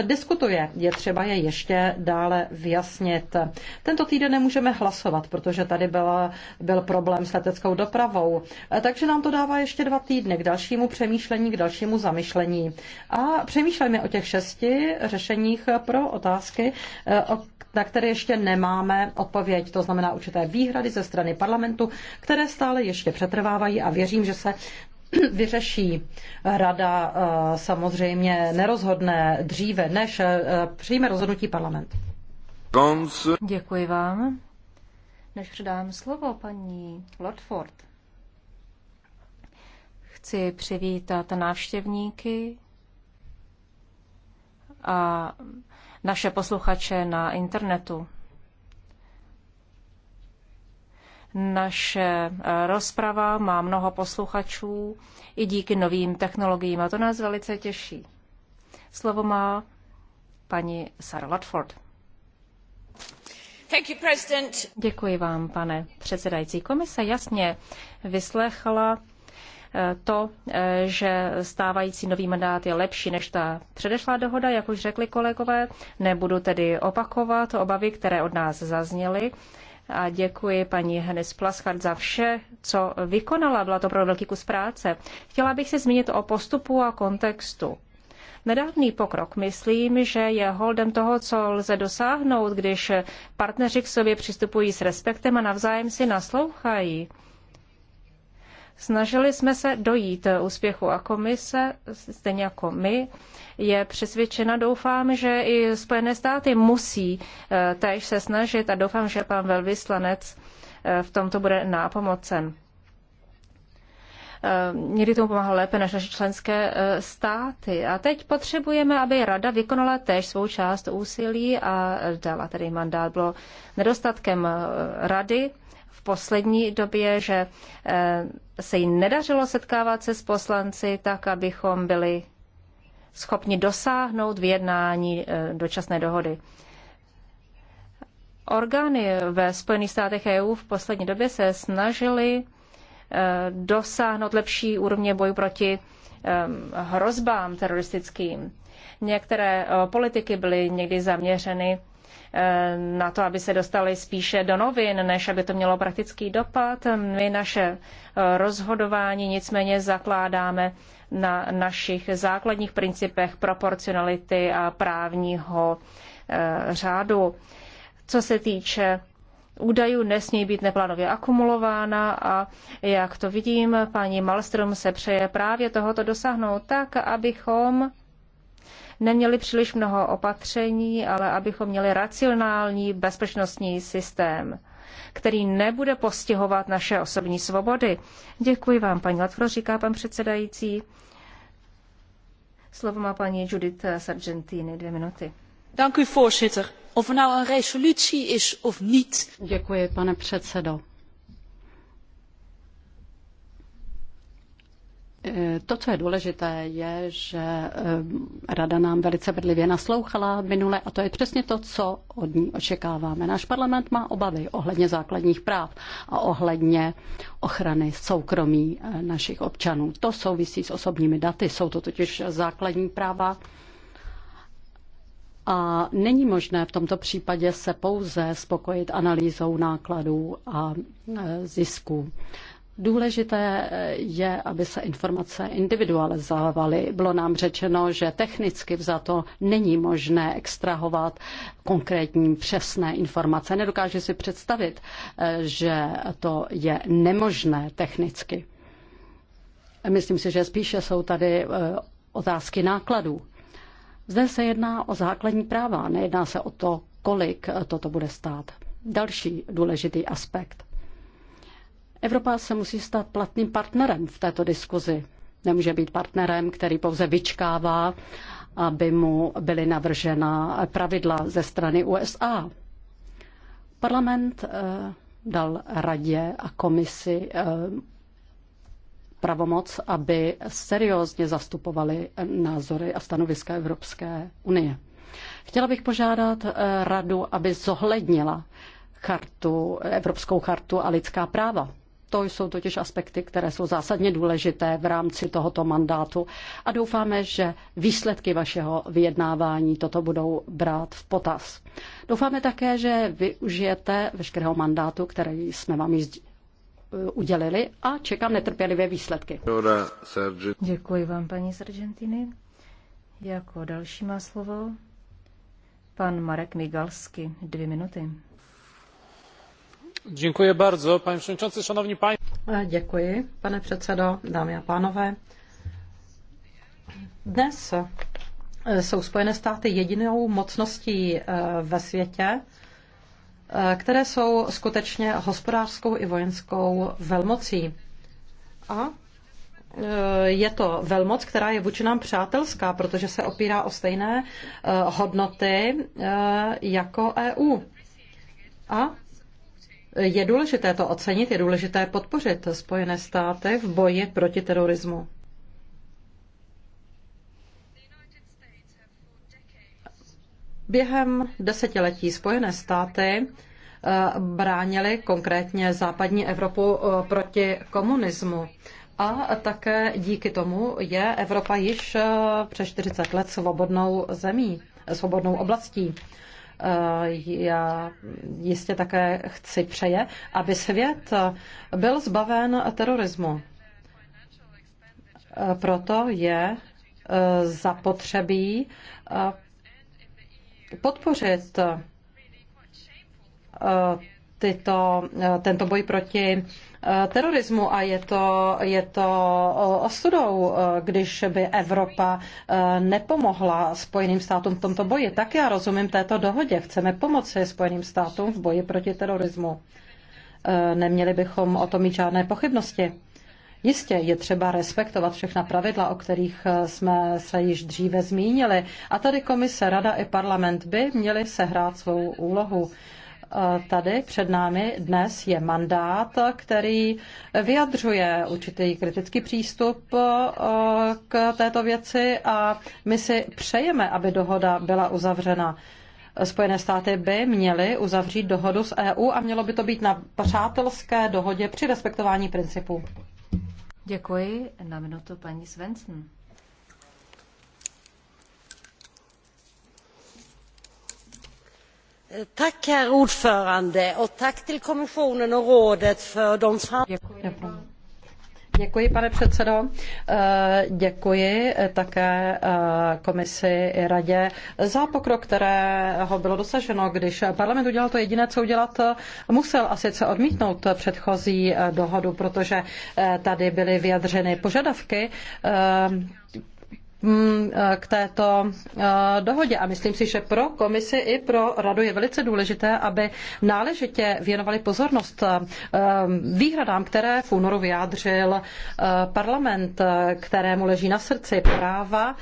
diskutuje. Je třeba je ještě dále vyjasnit. Tento týden nemůžeme hlasovat, protože tady byla, byl problém problém s leteckou dopravou. E, takže nám to dává ještě dva týdny k dalšímu přemýšlení, k dalšímu zamyšlení. A přemýšlejme o těch šesti řešeních pro otázky, e, na které ještě nemáme odpověď. To znamená určité výhrady ze strany parlamentu, které stále ještě přetrvávají a věřím, že se vyřeší. Rada e, samozřejmě nerozhodne dříve, než přijme rozhodnutí parlament. Děkuji vám. Než předám slovo paní Lordford, chci přivítat návštěvníky a naše posluchače na internetu. Naše eh, rozprava má mnoho posluchačů i díky novým technologiím a to nás velice těší. Slovo má paní Sarah Latford. Děkuji vám, pane předsedající. Komise jasně vyslechla eh, to, eh, že stávající nový mandát je lepší než ta předešlá dohoda, jak už řekli kolegové. Nebudu tedy opakovat obavy, které od nás zazněly. A děkuji paní Hennes Plaschard za vše, co vykonala. Byla to pro velký kus práce. Chtěla bych se zmínit o postupu a kontextu nedávný pokrok. Myslím, že je holdem toho, co lze dosáhnout, když partneři k sobě přistupují s respektem a navzájem si naslouchají. Snažili jsme se dojít úspěchu a komise, stejně jako my, je přesvědčena, doufám, že i Spojené státy musí eh, též se snažit a doufám, že pan velvyslanec eh, v tomto bude nápomocen. Eh, někdy tomu pomáhalo lépe než naše členské eh, státy. A teď potřebujeme, aby rada vykonala též svou část úsilí a dala tedy mandát. Bylo nedostatkem eh, rady v poslední době, že se jí nedařilo setkávat se s poslanci tak, abychom byli schopni dosáhnout vyjednání dočasné dohody. Orgány ve Spojených státech EU v poslední době se snažily Eh, dosáhnout lepší úrovně boju proti hrozbám teroristickým. Některé eh, politiky byly někdy zaměřeny eh, na to, aby se dostali spíše do novin, než aby to mělo praktický dopad. My naše rozhodování nicméně zakládáme na našich základních principech proporcionality a právního řádu. Co se týče údajů nesmí být neplánově akumulována a jak to vidím, paní Malstrom se přeje právě tohoto dosáhnout tak, abychom neměli příliš mnoho opatření, ale abychom měli racionální bezpečnostní systém, který nebude postihovat naše osobní svobody. Děkuji vám, paní Latvro, říká pan předsedající. Slovo má paní Judith Sargentini, dvě minuty voorzitter of er nou een resolutie is of niet. Děkuji, pane eh, To, co je důležité, je, že eh, Rada nám velice bedlivě naslouchala minule a to je přesně to, co od ní očekáváme. Náš parlament má obavy ohledně základních práv a ohledně ochrany soukromí eh, našich občanů. To souvisí s osobními daty, jsou to totiž základní práva a není možné v tomto případě se pouze spokojit analýzou nákladů a e, zisků. Důležité je, aby se informace individualizovaly. Bylo nám řečeno, že technicky to není možné extrahovat konkrétní přesné informace. Nedokážu si představit, e, že to je nemožné technicky. Myslím si, že spíše jsou tady e, otázky nákladů. Zde se jedná o základní práva, nejedná se o to, kolik toto bude stát. Další důležitý aspekt. Evropa se musí stát platným partnerem v této diskuzi. Nemůže být partnerem, který pouze vyčkává, aby mu byly navržena pravidla ze strany USA. Parlament eh, dal radě a komisi eh, pravomoc, aby seriózně zastupovali názory a stanoviska Evropské unie. Chtěla bych požádat eh, radu, aby zohlednila chartu, Evropskou chartu a lidská práva. To jsou totiž aspekty, které jsou zásadně důležité v rámci tohoto mandátu a doufáme, že výsledky vašeho vyjednávání toto budou brát v potaz. Doufáme také, že využijete veškerého mandátu, který jsme vám již Eh, udělili a čekám netrpělivě výsledky. Děkuji vám, paní Sargentiny. Jako další má slovo pan Marek Migalsky. Dvě minuty. Děkuji bardzo, paní předsedající, šanovní paní. Děkuji, pane předsedo, dámy a pánové. Dnes eh, jsou Spojené státy jedinou mocností eh, ve světě, Eh, které jsou skutečně hospodářskou i vojenskou velmocí. A eh, je to velmoc, která je vůči nám přátelská, protože se opírá o stejné eh, hodnoty jako EU. A je důležité to ocenit, je důležité podpořit Spojené státy v boji proti terorismu. Během desetiletí Spojené státy eh, bránili konkrétně západní Evropu eh, proti komunismu. A také díky tomu je Evropa již eh, přes 40 let svobodnou zemí, svobodnou oblastí. Já jistě také chci přeje, aby svět byl zbaven terorismu. Proto je zapotřebí podpořit eh, tyto, eh, tento boj proti eh, terorismu a je to, je to ostudou, když by Evropa nepomohla Spojeným státům v tomto boji. Tak já rozumím této dohodě. Chceme pomoci Spojeným státům v boji proti terorismu. Neměli bychom o tom mít žádné pochybnosti. Jistě je třeba respektovat všechna pravidla, o kterých eh, jsme se již dříve zmínili. A tady komise, rada i parlament by měli sehrát svou úlohu eh, tady před námi dnes je mandát, který vyjadřuje určitý kritický přístup eh, k této věci a my si přejeme, aby dohoda byla uzavřena. Spojené státy by měly uzavřít dohodu s EU a mělo by to být na přátelské dohodě při respektování principů. Děkuji. Na minutu paní Svensson. Tak, herr ordförande och tack till kommissionen och rådet för de fram... Děkuji. Děkuji, pane předsedo. Eh, děkuji také eh, komisi i radě za pokrok, kterého bylo dosaženo, když parlament udělal to jediné, co udělat musel, a sice odmítnout předchozí eh, dohodu, protože tady byly vyjadřeny požadavky Mm, eh, k této eh, dohodě. A myslím si, že pro komisi i pro radu je velice důležité, aby náležitě věnovali pozornost eh, výhradám, které v únoru vyjádřil parlament, kterému leží na srdci práva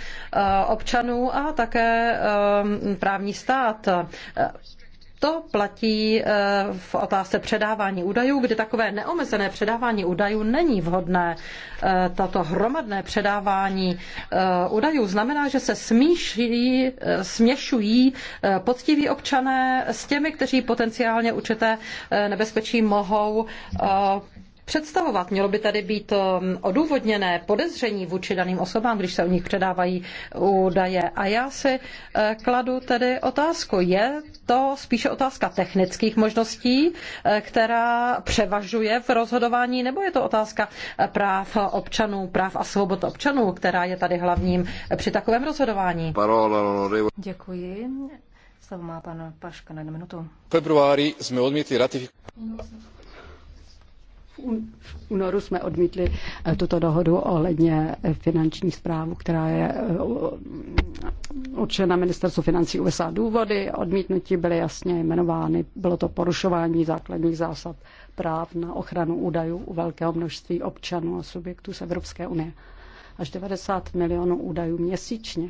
občanů a také právní stát. To platí eh, v otázce předávání údajů, kdy takové neomezené předávání údajů není vhodné. Eh, tato hromadné předávání eh, údajů znamená, že se smíší, směšují poctiví občané s těmi, kteří potenciálně určité nebezpečí mohou představovat. Mělo by tady být um, odůvodněné podezření vůči daným osobám, když se o nich předávají údaje. A já si eh, kladu tedy otázku. Je to spíše otázka technických možností, eh, která převažuje v rozhodování, nebo je to otázka eh, práv občanů, práv a svobod občanů, která je tady hlavním při takovém rozhodování? Děkuji. Slovo má pan Paška na jednu minutu. V februári jsme odmítli ratifikovat. V únoru jsme odmítli eh, tuto dohodu ohledně eh, finanční zprávu, která je eh, určena ministerstvu financí USA. Důvody odmítnutí byly jasně jmenovány. Bylo to porušování základních zásad práv na ochranu údajů u velkého množství občanů a subjektů z Evropské unie. Až 90 milionů údajů měsíčně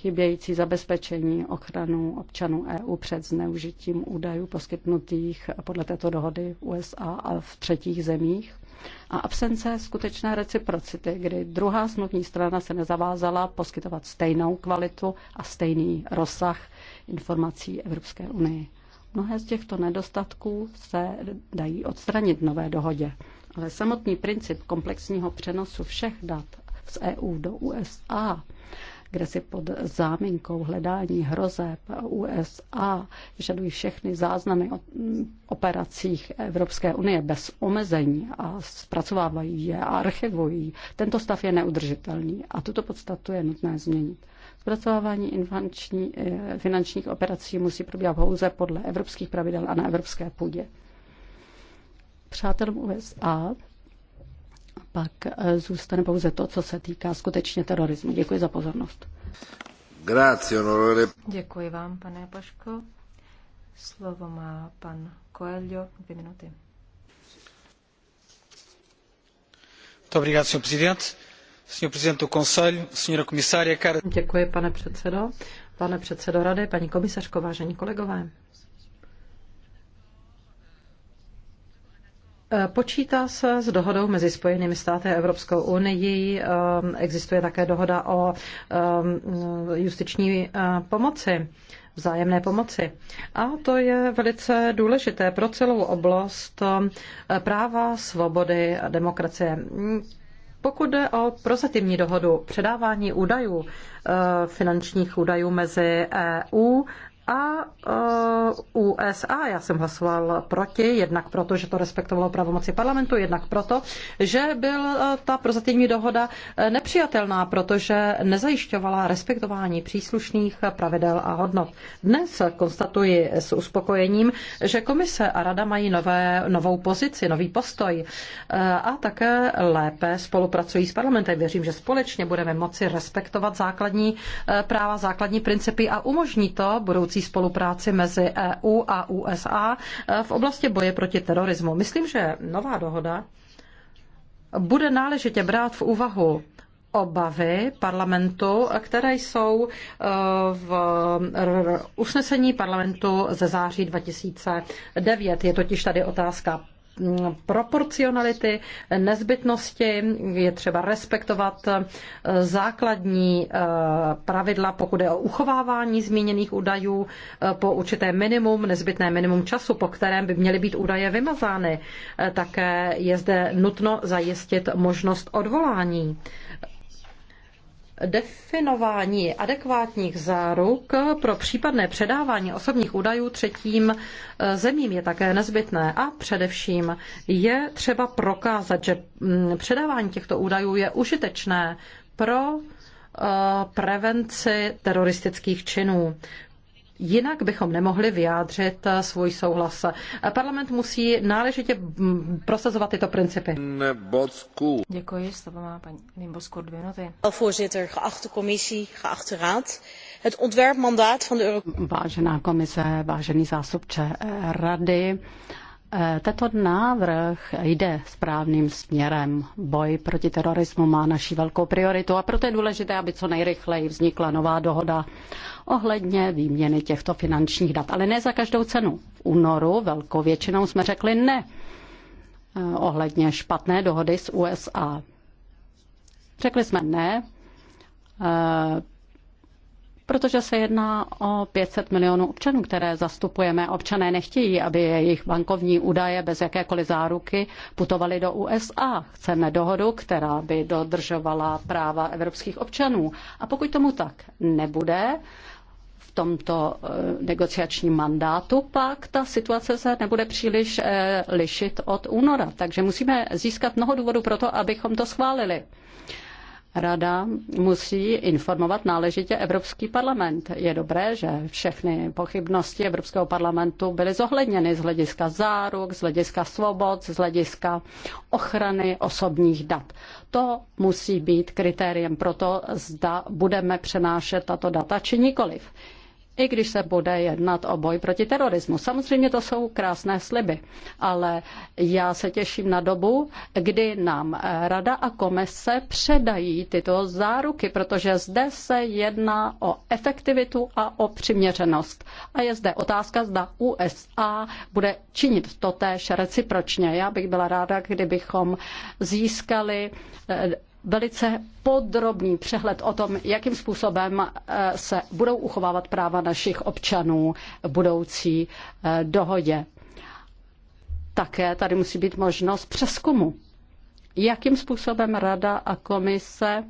chybějící zabezpečení ochranu občanů EU před zneužitím údajů poskytnutých podle této dohody v USA a v třetích zemích a absence skutečné reciprocity, kdy druhá smluvní strana se nezavázala poskytovat stejnou kvalitu a stejný rozsah informací Evropské unii. Mnohé z těchto nedostatků se dají odstranit v nové dohodě, ale samotný princip komplexního přenosu všech dat z EU do USA kde si pod záminkou hledání hrozeb USA vyžadují všechny záznamy o operacích Evropské unie bez omezení a zpracovávají je a archivují. Tento stav je neudržitelný a tuto podstatu je nutné změnit. Zpracovávání infanční, eh, finančních operací musí probíhat pouze podle evropských pravidel a na evropské půdě. Přátelům USA pak e, zůstane pouze to, co se týká skutečně terorismu. Děkuji za pozornost. Děkuji vám, pane Paško. Slovo má pan Coelho, dvě minuty. Děkuji, pane předsedo, pane předsedo rady, paní komisařko, vážení kolegové. Eh, počítá se s dohodou mezi Spojenými státy a Evropskou unii. Eh, existuje také dohoda o eh, justiční pomoci vzájemné pomoci. A to je velice důležité pro celou oblast práva, svobody a demokracie. Pokud jde o prozatímní dohodu předávání údajů, finančních údajů mezi EU a uh, USA. Já jsem hlasoval proti, jednak proto, že to respektovalo pravomoci parlamentu, jednak proto, že uh, ta prozatímní dohoda uh, nepřijatelná, protože nezajišťovala respektování příslušných pravidel a hodnot. Dnes konstatuji s uspokojením, že komise a rada mají nové, novou pozici, nový postoj uh, a také lépe spolupracují s parlamentem. Věřím, že společně budeme moci respektovat základní uh, práva, základní principy a umožní to budoucí posílující spolupráci mezi EU a USA eh, v oblasti boje proti terorismu. Myslím, že nová dohoda bude náležitě brát v úvahu obavy parlamentu, které jsou eh, v usnesení parlamentu ze září 2009. Je totiž tady otázka proporcionality, nezbytnosti, je třeba respektovat eh, základní eh, pravidla, pokud je o uchovávání zmíněných údajů eh, po určité minimum, nezbytné minimum času, po kterém by měly být údaje vymazány. Také je zde nutno zajistit možnost odvolání definování adekvátních záruk pro případné předávání osobních údajů třetím eh, zemím je také nezbytné a především je třeba prokázat, že mm, předávání těchto údajů je užitečné pro eh, prevenci teroristických činů. Jinak bychom nemohli vyjádřit eh, svůj souhlas. Eh, Parlament musí náležitě mm, prosazovat tyto principy. Nebocku. Děkuji, slovo má paní Nimbosku dvě minuty. Vážená komise, vážený zástupce eh, rady. Eh, tento návrh jde správným směrem. Boj proti terorismu má naši velkou prioritu a proto je důležité, aby co nejrychleji vznikla nová dohoda ohledně výměny těchto finančních dat. Ale ne za každou cenu. V únoru velkou většinou jsme řekli ne eh, ohledně špatné dohody s USA. Řekli jsme ne eh, protože se jedná o 500 milionů občanů, které zastupujeme. Občané nechtějí, aby jejich bankovní údaje bez jakékoliv záruky putovaly do USA. Chceme dohodu, která by dodržovala práva evropských občanů. A pokud tomu tak nebude, v tomto eh, negociačním mandátu, pak ta situace se nebude příliš eh, lišit od února. Takže musíme získat mnoho důvodů pro to, abychom to schválili. Rada musí informovat náležitě Evropský parlament. Je dobré, že všechny pochybnosti Evropského parlamentu byly zohledněny z hlediska záruk, z hlediska svobod, z hlediska ochrany osobních dat. To musí být kritériem pro to, zda budeme přenášet tato data či nikoliv i když se bude jednat o boj proti terorismu. Samozřejmě to jsou krásné sliby, ale já se těším na dobu, kdy nám Rada a Komise předají tyto záruky, protože zde se jedná o efektivitu a o přiměřenost. A je zde otázka, zda USA bude činit totéž recipročně. Já bych byla ráda, kdybychom získali velice podrobný přehled o tom, jakým způsobem eh, se budou uchovávat práva našich občanů v budoucí eh, dohodě. Také tady musí být možnost přeskumu. Jakým způsobem Rada a komise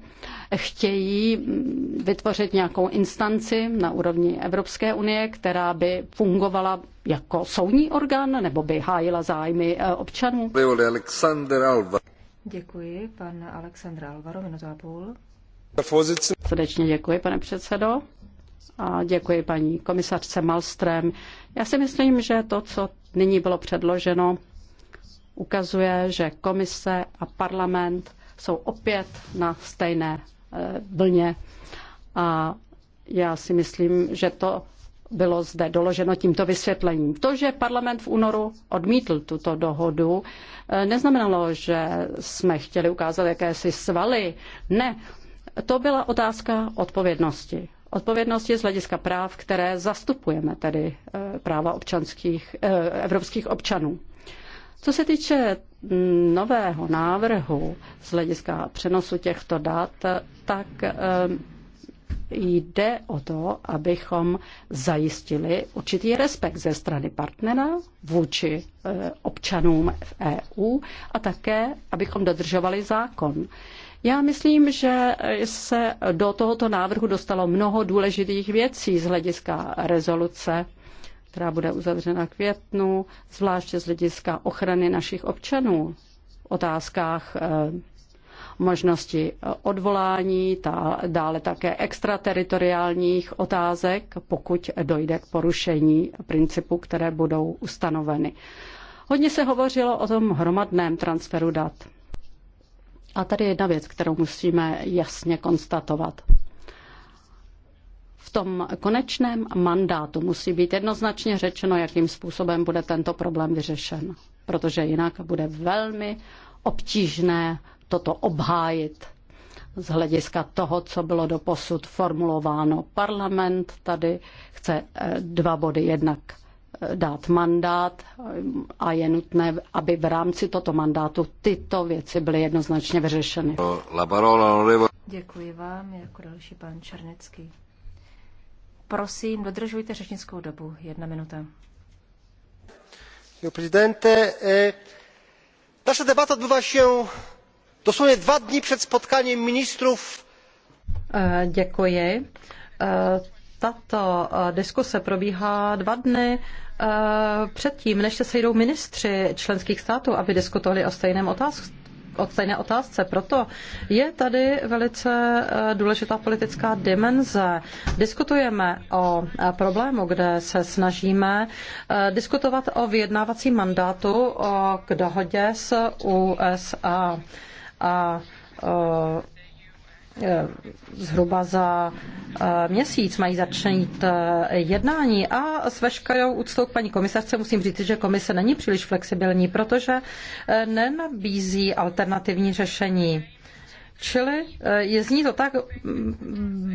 chtějí mm, vytvořit nějakou instanci na úrovni Evropské unie, která by fungovala jako soudní orgán nebo by hájila zájmy eh, občanů? Alexander Alva. Děkuji, pan Aleksandr Alvaro, minuta Srdečně děkuji, pane předsedo. A děkuji paní komisařce Malstrem. Já si myslím, že to, co nyní bylo předloženo, ukazuje, že komise a parlament jsou opět na stejné eh, vlně. A já si myslím, že to bylo zde doloženo tímto vysvětlením. To, že parlament v únoru odmítl tuto dohodu, eh, neznamenalo, že jsme chtěli ukázat jakési svaly. Ne, to byla otázka odpovědnosti. Odpovědnosti z hlediska práv, které zastupujeme, tedy eh, práva občanských, eh, evropských občanů. Co se týče mm, nového návrhu z hlediska přenosu těchto dat, tak Jde o to, abychom zajistili určitý respekt ze strany partnera vůči eh, občanům v EU a také, abychom dodržovali zákon. Já myslím, že se do tohoto návrhu dostalo mnoho důležitých věcí z hlediska rezoluce, která bude uzavřena květnu, zvláště z hlediska ochrany našich občanů v otázkách eh, možnosti odvolání, ta, dále také extrateritoriálních otázek, pokud dojde k porušení principů, které budou ustanoveny. Hodně se hovořilo o tom hromadném transferu dat. A tady je jedna věc, kterou musíme jasně konstatovat. V tom konečném mandátu musí být jednoznačně řečeno, jakým způsobem bude tento problém vyřešen, protože jinak bude velmi obtížné toto obhájit z hlediska toho, co bylo doposud formulováno. Parlament tady chce eh, dva body jednak eh, dát mandát a je nutné, aby v rámci toto mandátu tyto věci byly jednoznačně vyřešeny. Děkuji vám. Jako další pan Černecký. Prosím, dodržujte řečnickou dobu. Jedna minuta. Pane prezidente, eh, naše debata odbywa się dosłownie dva dny před spotkáním ministrů. Eh, děkuji. Eh, tato eh, diskuse probíhá dva dny předtím, než se sejdou ministři členských států, aby diskutovali o stejném otázce o stejné otázce. Proto je tady velice důležitá politická dimenze. Diskutujeme o problému, kde se snažíme diskutovat o vyjednávacím mandátu k dohodě s USA a e, zhruba za e, měsíc mají začít e, jednání a s veškerou úctou k paní komisařce musím říct, že komise není příliš flexibilní, protože nenabízí alternativní řešení. Čili je zní to tak, mm,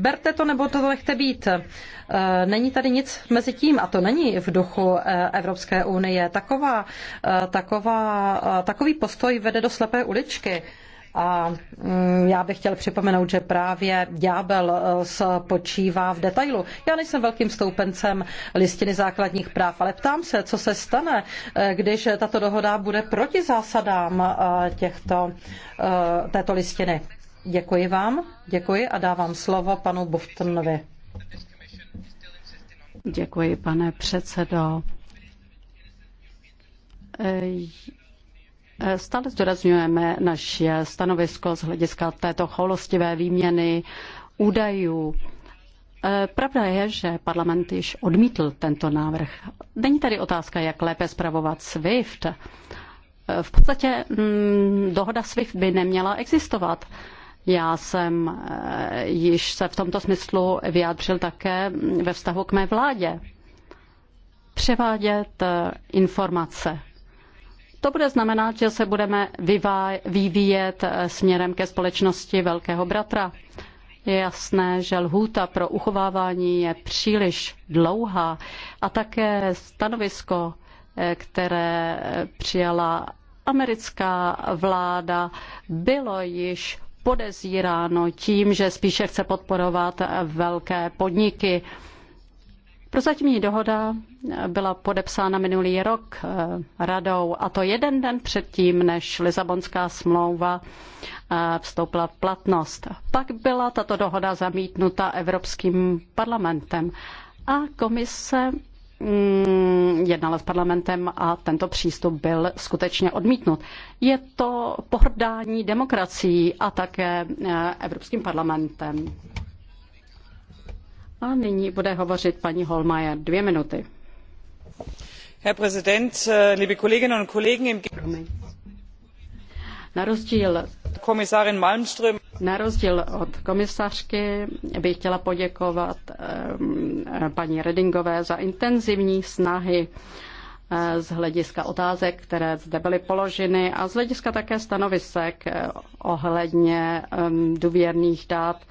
berte to nebo to nechte být. Není tady nic mezi tím a to není v duchu Evropské unie. Taková, taková, takový postoj vede do slepé uličky a mm, já bych chtěl připomenout, že právě ďábel eh, spočívá v detailu. Já nejsem velkým stoupencem listiny základních práv, ale ptám se, co se stane, eh, když tato dohoda bude proti zásadám eh, těchto, této listiny. Děkuji vám, děkuji a dávám slovo panu Buftnovi. Děkuji, pane předsedo Stále zdorazňujeme naše stanovisko z hlediska této choulostivé výměny údajů. Pravda je, že parlament již odmítl tento návrh. Není tady otázka, jak lépe zpravovat SWIFT. V podstatě mm, dohoda SWIFT by neměla existovat. Já jsem eh, již se v tomto smyslu vyjádřil také mm, ve vztahu k mé vládě. Převádět eh, informace to bude znamenat, že se budeme vyvíjet eh, směrem ke společnosti Velkého bratra. Je jasné, že lhůta pro uchovávání je příliš dlouhá a také stanovisko, eh, které eh, přijala americká vláda, bylo již podezíráno tím, že spíše chce podporovat velké podniky. Prozatímní dohoda byla podepsána minulý rok eh, radou a to jeden den předtím, než Lisabonská smlouva eh, vstoupila v platnost. Pak byla tato dohoda zamítnuta Evropským parlamentem a komise mm, jednala s parlamentem a tento přístup byl skutečně odmítnut. Je to pohrdání demokracií a také eh, Evropským parlamentem. A nyní bude hovořit paní Dvě minuty. Herr Präsident, äh, liebe Kolleginnen und Kollegen, im na rozdíl, komisarin Malmström. na rozdíl od komisařky bych chtěla poděkovat ehm, paní Redingové za intenzivní snahy eh, z hlediska otázek, které zde byly položeny a z hlediska také stanovisek eh, ohledně ehm, důvěrných dát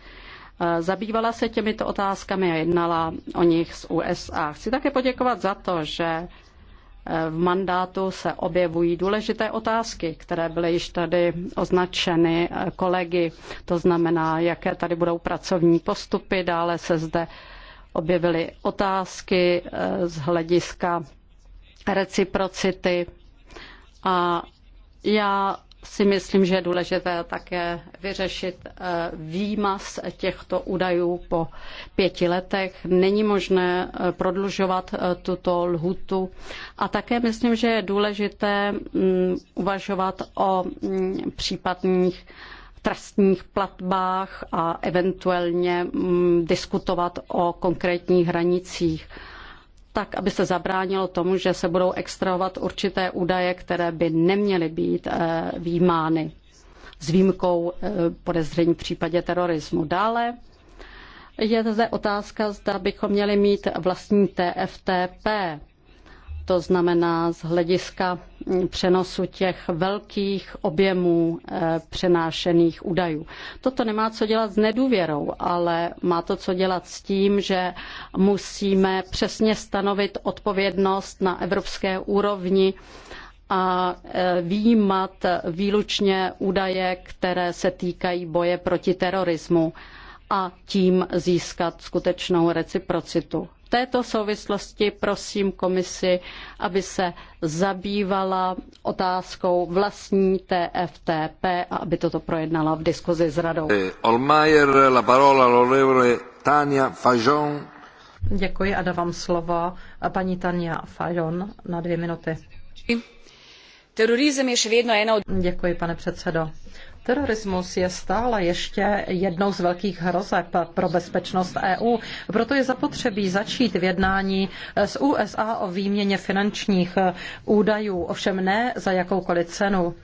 Zabývala se těmito otázkami a jednala o nich s USA. Chci také poděkovat za to, že e, v mandátu se objevují důležité otázky, které byly již tady označeny e, kolegy. To znamená, jaké tady budou pracovní postupy. Dále se zde objevily otázky e, z hlediska reciprocity. A já si myslím, že je důležité také vyřešit eh, výmaz těchto údajů po pěti letech. Není možné eh, prodlužovat eh, tuto lhutu. A také myslím, že je důležité mm, uvažovat o mm, případných trestních platbách a eventuálně mm, diskutovat o konkrétních hranicích tak, aby se zabránilo tomu, že se budou extrahovat určité údaje, které by neměly být eh, výmány s výjimkou eh, podezření v případě terorismu. Dále je zde otázka, zda bychom měli mít vlastní TFTP to znamená z hlediska mm, přenosu těch velkých objemů eh, přenášených údajů. Toto nemá co dělat s nedůvěrou, ale má to co dělat s tím, že musíme přesně stanovit odpovědnost na evropské úrovni a eh, výjímat výlučně údaje, které se týkají boje proti terorismu a tím získat skutečnou reciprocitu této souvislosti prosím komisi, aby se zabývala otázkou vlastní TFTP a aby toto projednala v diskuzi s radou. Eh, Olmayer, la parola, Tania Fajon. Děkuji a dávám slovo paní Tania Fajon na dvě minuty. Terorizem je še vedno ena Děkuji, pane předsedo. Terorismus je stále ještě jednou z velkých hrozeb pro bezpečnost EU, proto je zapotřebí začít v jednání s USA o výměně finančních eh, údajů, ovšem ne za jakoukoliv cenu.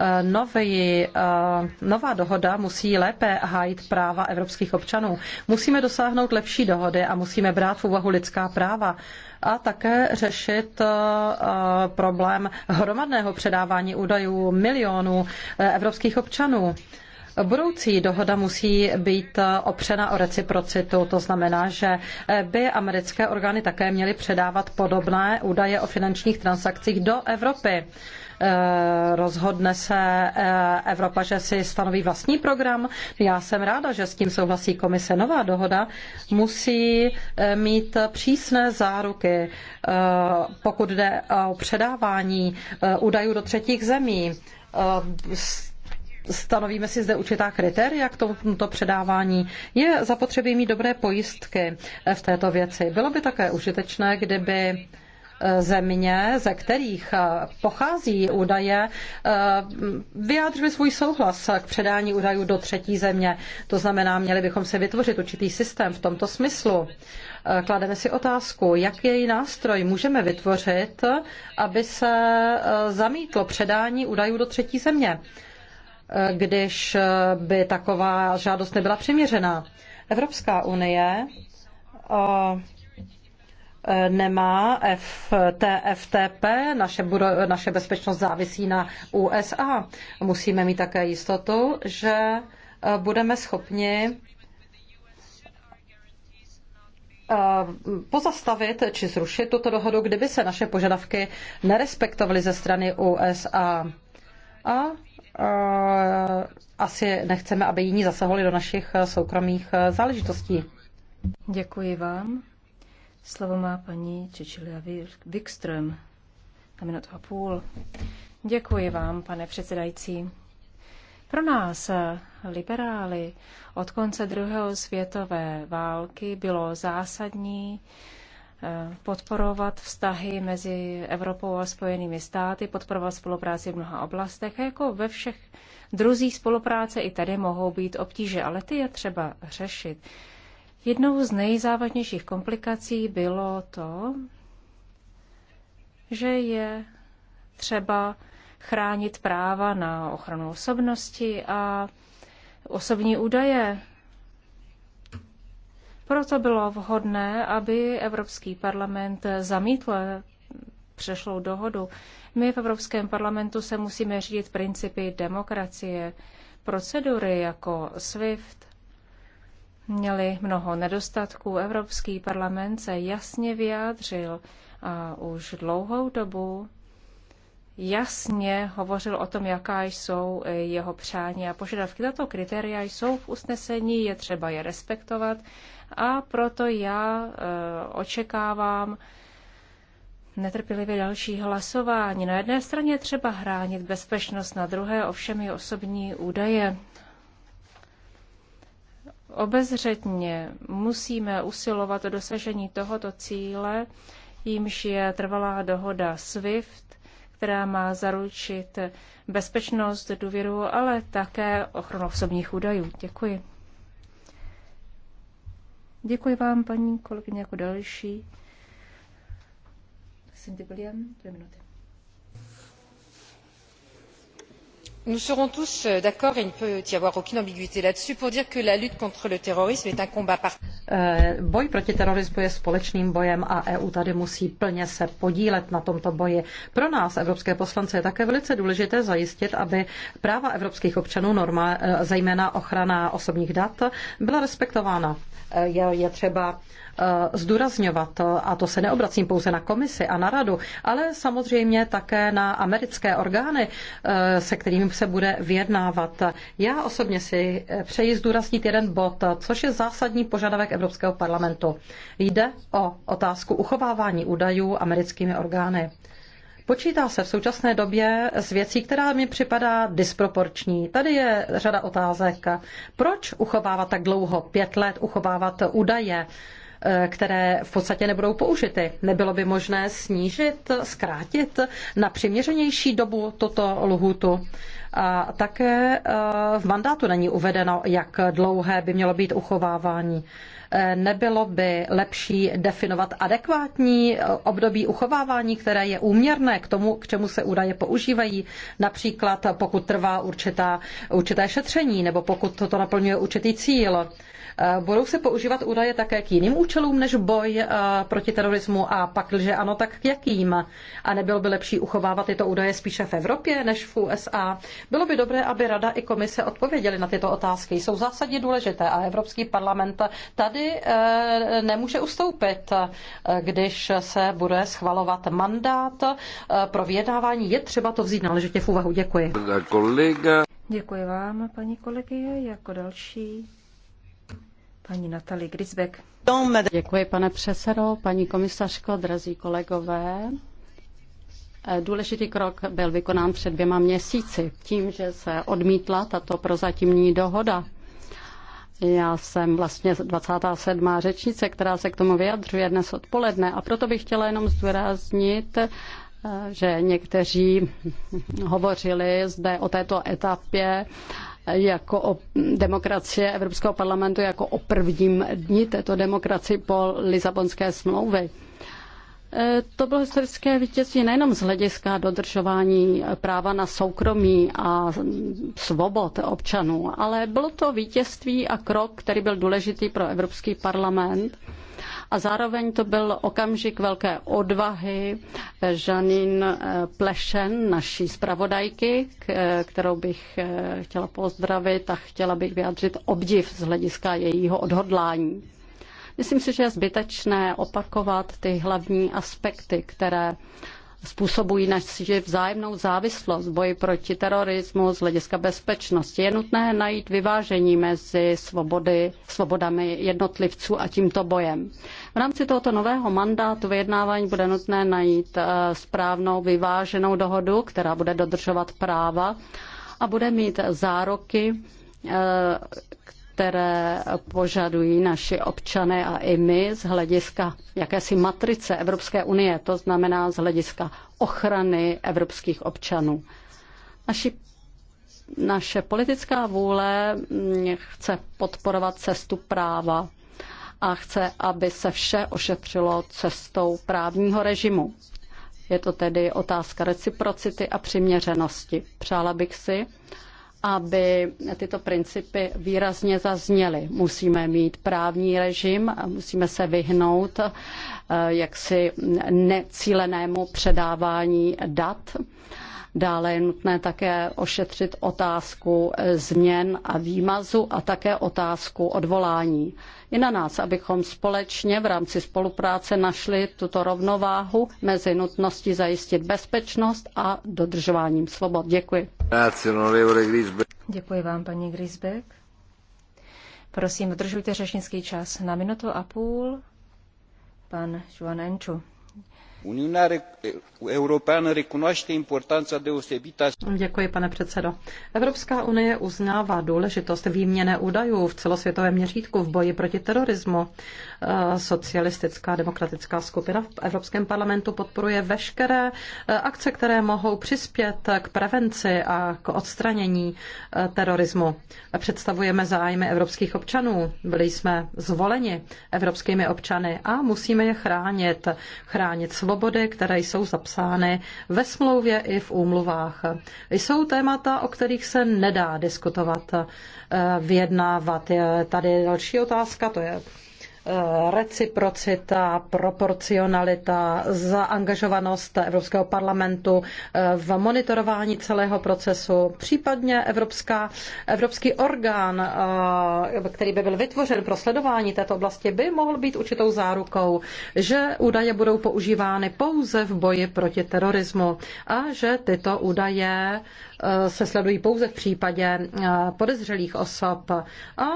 Eh, nový, eh, nová dohoda musí lépe hájit práva evropských občanů. Musíme dosáhnout lepší dohody a musíme brát v úvahu lidská práva a také řešit eh, problém hromadného předávání údajů milionů eh, evropských občanů. Budoucí dohoda musí být eh, opřena o reciprocitu, to znamená, že by americké orgány také měly předávat podobné údaje o finančních transakcích do Evropy. Eh, rozhodne se eh, Evropa, že si stanoví vlastní program. Já jsem ráda, že s tím souhlasí komise. Nová dohoda musí eh, mít přísné záruky, pokud jde o předávání údajů do třetích zemí. Stanovíme si zde určitá kritéria k tomuto předávání. Je zapotřebí mít dobré pojistky v této věci. Bylo by také užitečné, kdyby země, ze kterých eh, pochází údaje, eh, vyjádřili svůj souhlas k předání údajů do třetí země. To znamená, měli bychom se vytvořit určitý systém v tomto smyslu. Eh, klademe si otázku, jak její nástroj můžeme vytvořit, aby se zamítlo předání údajů do třetí země, když by taková žádost nebyla přiměřená. Evropská unie nemá FTFTP, naše, naše bezpečnost závisí na USA. Musíme mít také jistotu, že eh, budeme schopni eh, pozastavit či zrušit tuto dohodu, kdyby se naše požadavky nerespektovaly ze strany USA. A eh, asi nechceme, aby jiní zasahovali do našich soukromých záležitostí. Děkuji vám. Slovo má paní Čečilia Wikström na minutu a půl. Děkuji vám, pane předsedající. Pro nás, eh, liberály, od konce druhého světové války bylo zásadní eh, podporovat vztahy mezi Evropou a Spojenými státy, podporovat spolupráci v mnoha oblastech. A jako ve všech druzích spolupráce i tady mohou být obtíže, ale ty je třeba řešit. Jednou z nejzávažnějších komplikací bylo to, že je třeba chránit práva na ochranu osobnosti a osobní údaje. Proto bylo vhodné, aby Evropský parlament zamítl přešlou dohodu. My v Evropském parlamentu se musíme řídit principy demokracie. Procedury jako SWIFT měli mnoho nedostatků. Evropský parlament se jasně vyjádřil a už dlouhou dobu jasně hovořil o tom, jaká jsou jeho přání a požadavky. Tato kritéria jsou v usnesení, je třeba je respektovat a proto já eh, očekávám netrpělivě další hlasování. Na jedné straně třeba hránit bezpečnost, na druhé ovšem i osobní údaje Obezřetně musíme usilovat o dosažení tohoto cíle, jímž je trvalá dohoda SWIFT, která má zaručit bezpečnost, důvěru, ale také ochranu osobních údajů. Děkuji. Děkuji vám, paní kolegyně, jako další. Cindy William, dvě minuty. nous serons tous euh, d'accord et il ne peut y avoir aucune ambiguïté là dessus pour dire que la lutte contre le terrorisme est un combat eh, Boj proti terorismu je společným bojem a EU tady musí plně se podílet na tomto boji. Pro nás, evropské poslance, je také velice důležité zajistit, aby práva evropských občanů, norma, eh, zejména ochrana osobních dat, byla respektována je, je třeba eh, zdůrazňovat, a to se neobracím pouze na komisi a na radu, ale samozřejmě také na americké orgány, eh, se kterými se bude vyjednávat. Já osobně si přeji zdůraznit jeden bod, což je zásadní požadavek Evropského parlamentu. Jde o otázku uchovávání údajů americkými orgány. Počítá se v současné době s věcí, která mi připadá disproporční. Tady je řada otázek. Proč uchovávat tak dlouho, pět let, uchovávat údaje, eh, které v podstatě nebudou použity? Nebylo by možné snížit, zkrátit na přiměřenější dobu toto lhutu? A také eh, v mandátu není uvedeno, jak dlouhé by mělo být uchovávání. Eh, nebylo by lepší definovat adekvátní eh, období uchovávání, které je úměrné k tomu, k čemu se údaje používají. Například pokud trvá určitá, určité šetření nebo pokud to naplňuje určitý cíl. Eh, budou se používat údaje také k jiným účelům než boj eh, proti terorismu a pak, že ano, tak k jakým? A nebylo by lepší uchovávat tyto údaje spíše v Evropě než v USA? Bylo by dobré, aby Rada i Komise odpověděly na tyto otázky. Jsou zásadně důležité a Evropský parlament tady eh, nemůže ustoupit, když se bude schvalovat mandát pro vyjednávání. Je třeba to vzít náležitě v úvahu. Děkuji. Děkuji vám, paní kolegyně. Jako další paní Natalie Grisbeck. Děkuji, pane předsedo, paní komisařko, drazí kolegové. Eh, důležitý krok byl vykonán před dvěma měsíci tím, že se odmítla tato prozatímní dohoda. Já jsem vlastně 27. řečnice, která se k tomu vyjadřuje dnes odpoledne a proto bych chtěla jenom zdůraznit, eh, že někteří hovořili zde o této etapě jako o demokracie Evropského parlamentu jako o prvním dni této demokracie po Lisabonské smlouvy. E, to bylo historické vítězství nejenom z hlediska dodržování práva na soukromí a svobod občanů, ale bylo to vítězství a krok, který byl důležitý pro Evropský parlament a zároveň to byl okamžik velké odvahy Žanin eh, eh, Plešen, naší zpravodajky, eh, kterou bych chtěla pozdravit a chtěla bych vyjádřit obdiv z hlediska jejího odhodlání. Myslím si, že je zbytečné opakovat ty hlavní aspekty, které způsobují naši vzájemnou závislost boji proti terorismu z hlediska bezpečnosti. Je nutné najít vyvážení mezi svobody, svobodami jednotlivců a tímto bojem. V rámci tohoto nového mandátu vyjednávání bude nutné najít eh, správnou vyváženou dohodu, která bude dodržovat práva a bude mít zároky eh, které požadují naši občané a i my z hlediska jakési matrice Evropské unie, to znamená z hlediska ochrany evropských občanů. Naši, naše politická vůle mm, chce podporovat cestu práva a chce, aby se vše ošetřilo cestou právního režimu. Je to tedy otázka reciprocity a přiměřenosti. Přála bych si, aby tyto principy výrazně zazněly. Musíme mít právní režim, a musíme se vyhnout eh, jaksi necílenému předávání dat Dále je nutné také ošetřit otázku eh, změn a výmazu a také otázku odvolání. Je na nás, abychom společně v rámci spolupráce našli tuto rovnováhu mezi nutností zajistit bezpečnost a dodržováním svobod. Děkuji. Děkuji vám, paní Grisbeck. Prosím, dodržujte řečnický čas na minutu a půl. Pan Juan Enču. Uniunea Europeană recunoaște importanța deosebită a... Děkuji, pane předsedo. Evropská unie uznává důležitost výměny údajů v celosvětovém měřítku v boji proti terorismu. Eh, socialistická demokratická skupina v Evropském parlamentu podporuje veškeré eh, akce, které mohou přispět k prevenci a k odstranění eh, terorismu. Představujeme zájmy evropských občanů. Byli jsme zvoleni evropskými občany a musíme je chránit. Chránit svou svobody, které jsou zapsány ve smlouvě i v úmluvách. Jsou témata, o kterých se nedá diskutovat, eh, vyjednávat. Je tady další otázka, to je Eh, reciprocita, proporcionalita, zaangažovanost Evropského parlamentu eh, v monitorování celého procesu, případně Evropská, Evropský orgán, eh, který by byl vytvořen pro sledování této oblasti, by mohl být určitou zárukou, že údaje budou používány pouze v boji proti terorismu a že tyto údaje se sledují pouze v případě podezřelých osob a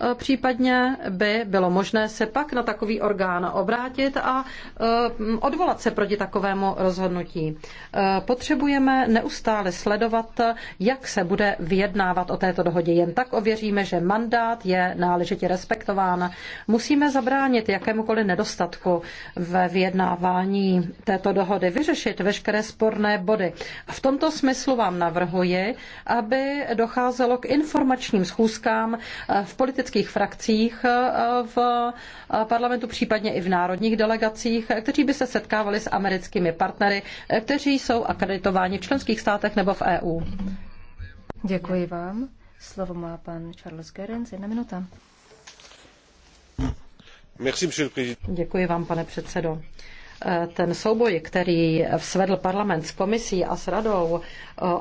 E, případně by bylo možné se pak na takový orgán obrátit a e, odvolat se proti takovému rozhodnutí. E, potřebujeme neustále sledovat, jak se bude vyjednávat o této dohodě. Jen tak ověříme, že mandát je náležitě respektován. Musíme zabránit jakémukoliv nedostatku ve vyjednávání této dohody, vyřešit veškeré sporné body. A v tomto smyslu vám navrhuji, aby docházelo k informačním schůzkám v politické politických frakcích eh, v eh, parlamentu, případně i v národních delegacích, eh, kteří by se setkávali s americkými partnery, kteří jsou akreditováni v členských státech nebo v EU. Děkuji vám. Slovo má pan Charles Gerenz, jedna minuta. Děkuji vám, pane předsedo ten souboj, který svedl parlament s komisí a s radou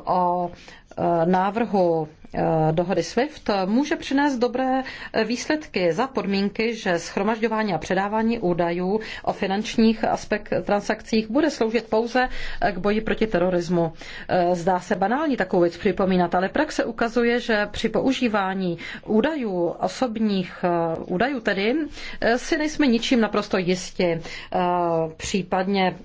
o Eh, návrhu eh, dohody SWIFT může přinést dobré výsledky za podmínky, že schromažďování a předávání údajů o finančních aspekt transakcích bude sloužit pouze k boji proti terorismu. Eh, zdá se banální takovou věc připomínat, ale praxe ukazuje, že při používání údajů, osobních údajů tedy, si nejsme ničím naprosto jistí. Případně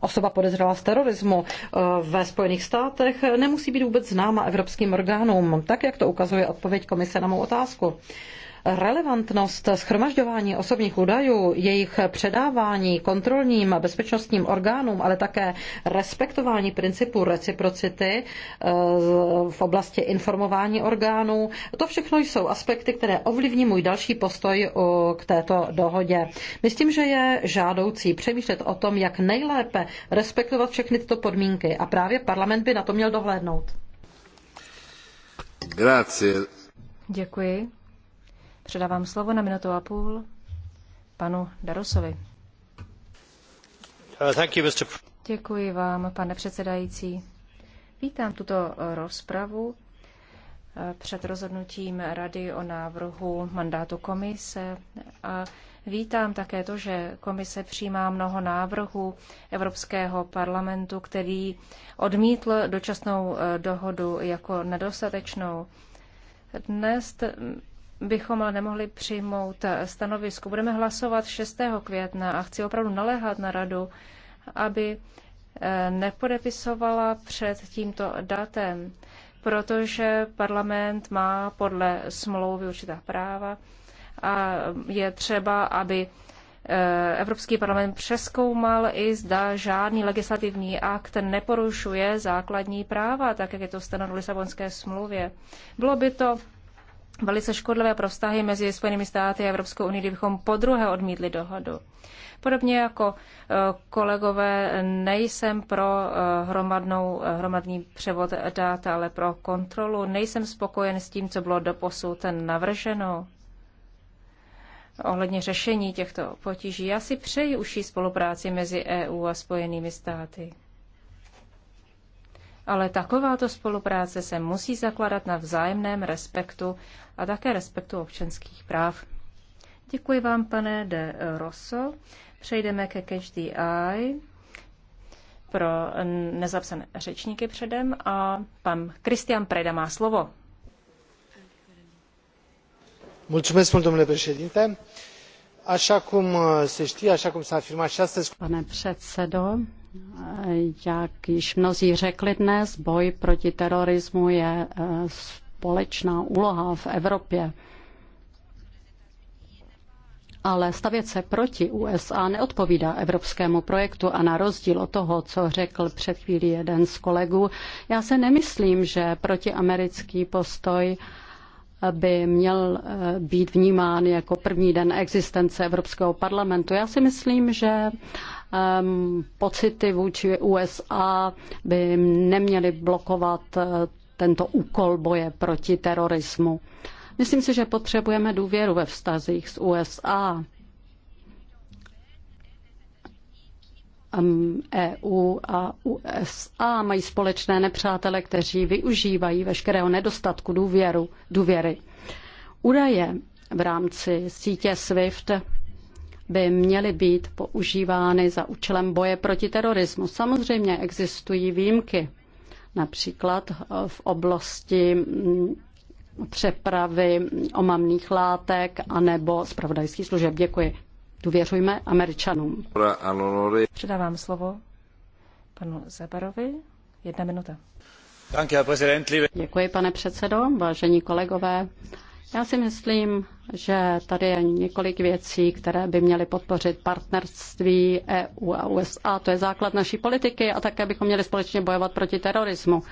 osoba podezřelá z terorismu eh, ve Spojených státech nemusí být vůbec známa evropským orgánům, tak jak to ukazuje odpověď komise na mou otázku relevantnost schromažďování osobních údajů, jejich předávání kontrolním a bezpečnostním orgánům, ale také respektování principu reciprocity eh, v oblasti informování orgánů, to všechno jsou aspekty, které ovlivní můj další postoj eh, k této dohodě. Myslím, že je žádoucí přemýšlet o tom, jak nejlépe respektovat všechny tyto podmínky a právě parlament by na to měl dohlédnout. Grazie. Děkuji. Předávám slovo na minutu a půl panu Darosovi. Uh, Děkuji vám, pane předsedající. Vítám tuto rozpravu uh, před rozhodnutím Rady o návrhu mandátu komise a vítám také to, že komise přijímá mnoho návrhů Evropského parlamentu, který odmítl dočasnou uh, dohodu jako nedostatečnou. Dnes bychom ale nemohli přijmout stanovisko. Budeme hlasovat 6. května a chci opravdu naléhat na radu, aby eh, nepodepisovala před tímto datem, protože parlament má podle smlouvy určitá práva a je třeba, aby eh, Evropský parlament přeskoumal i zda žádný legislativní akt neporušuje základní práva, tak jak je to stanoveno v Lisabonské smlouvě. Bylo by to velice škodlivé pro vztahy mezi Spojenými státy a Evropskou unii, kdybychom po druhé odmítli dohodu. Podobně jako eh, kolegové, nejsem pro eh, hromadnou, eh, hromadný převod dat, ale pro kontrolu. Nejsem spokojen s tím, co bylo doposud navrženo ohledně řešení těchto potíží. Já si přeji užší spolupráci mezi EU a Spojenými státy. Ale takováto spolupráce se musí zakladat na vzájemném respektu a také respektu občanských práv. Děkuji vám, pane de Rosso. Přejdeme ke Catch the Eye pro nezapsané řečníky předem a pan Christian Preda má slovo. Uh, se Pane předsedo, eh, jak již mnozí řekli dnes, boj proti terorismu je eh, společná úloha v Evropě. Ale stavět se proti USA neodpovídá evropskému projektu a na rozdíl od toho, co řekl před chvílí jeden z kolegů, já se nemyslím, že protiamerický postoj by měl eh, být vnímán jako první den existence Evropského parlamentu. Já si myslím, že ehm, pocity vůči USA by neměly blokovat eh, tento úkol boje proti terorismu. Myslím si, že potřebujeme důvěru ve vztazích s USA. EU a e USA mají společné nepřátele, kteří využívají veškerého nedostatku důvěru, důvěry. Údaje v rámci sítě SWIFT by měly být používány za účelem boje proti terorismu. Samozřejmě existují výjimky například eh, v oblasti mm, přepravy omamných látek anebo zpravodajských služeb. Děkuji. Důvěřujme Američanům. Předávám slovo panu Zebarovi. Jedna minuta. Děkuji, pane předsedo, vážení kolegové. Já si myslím, že tady je několik věcí, které by měly podpořit partnerství EU a USA. To je základ naší politiky a také bychom měli společně bojovat proti terorismu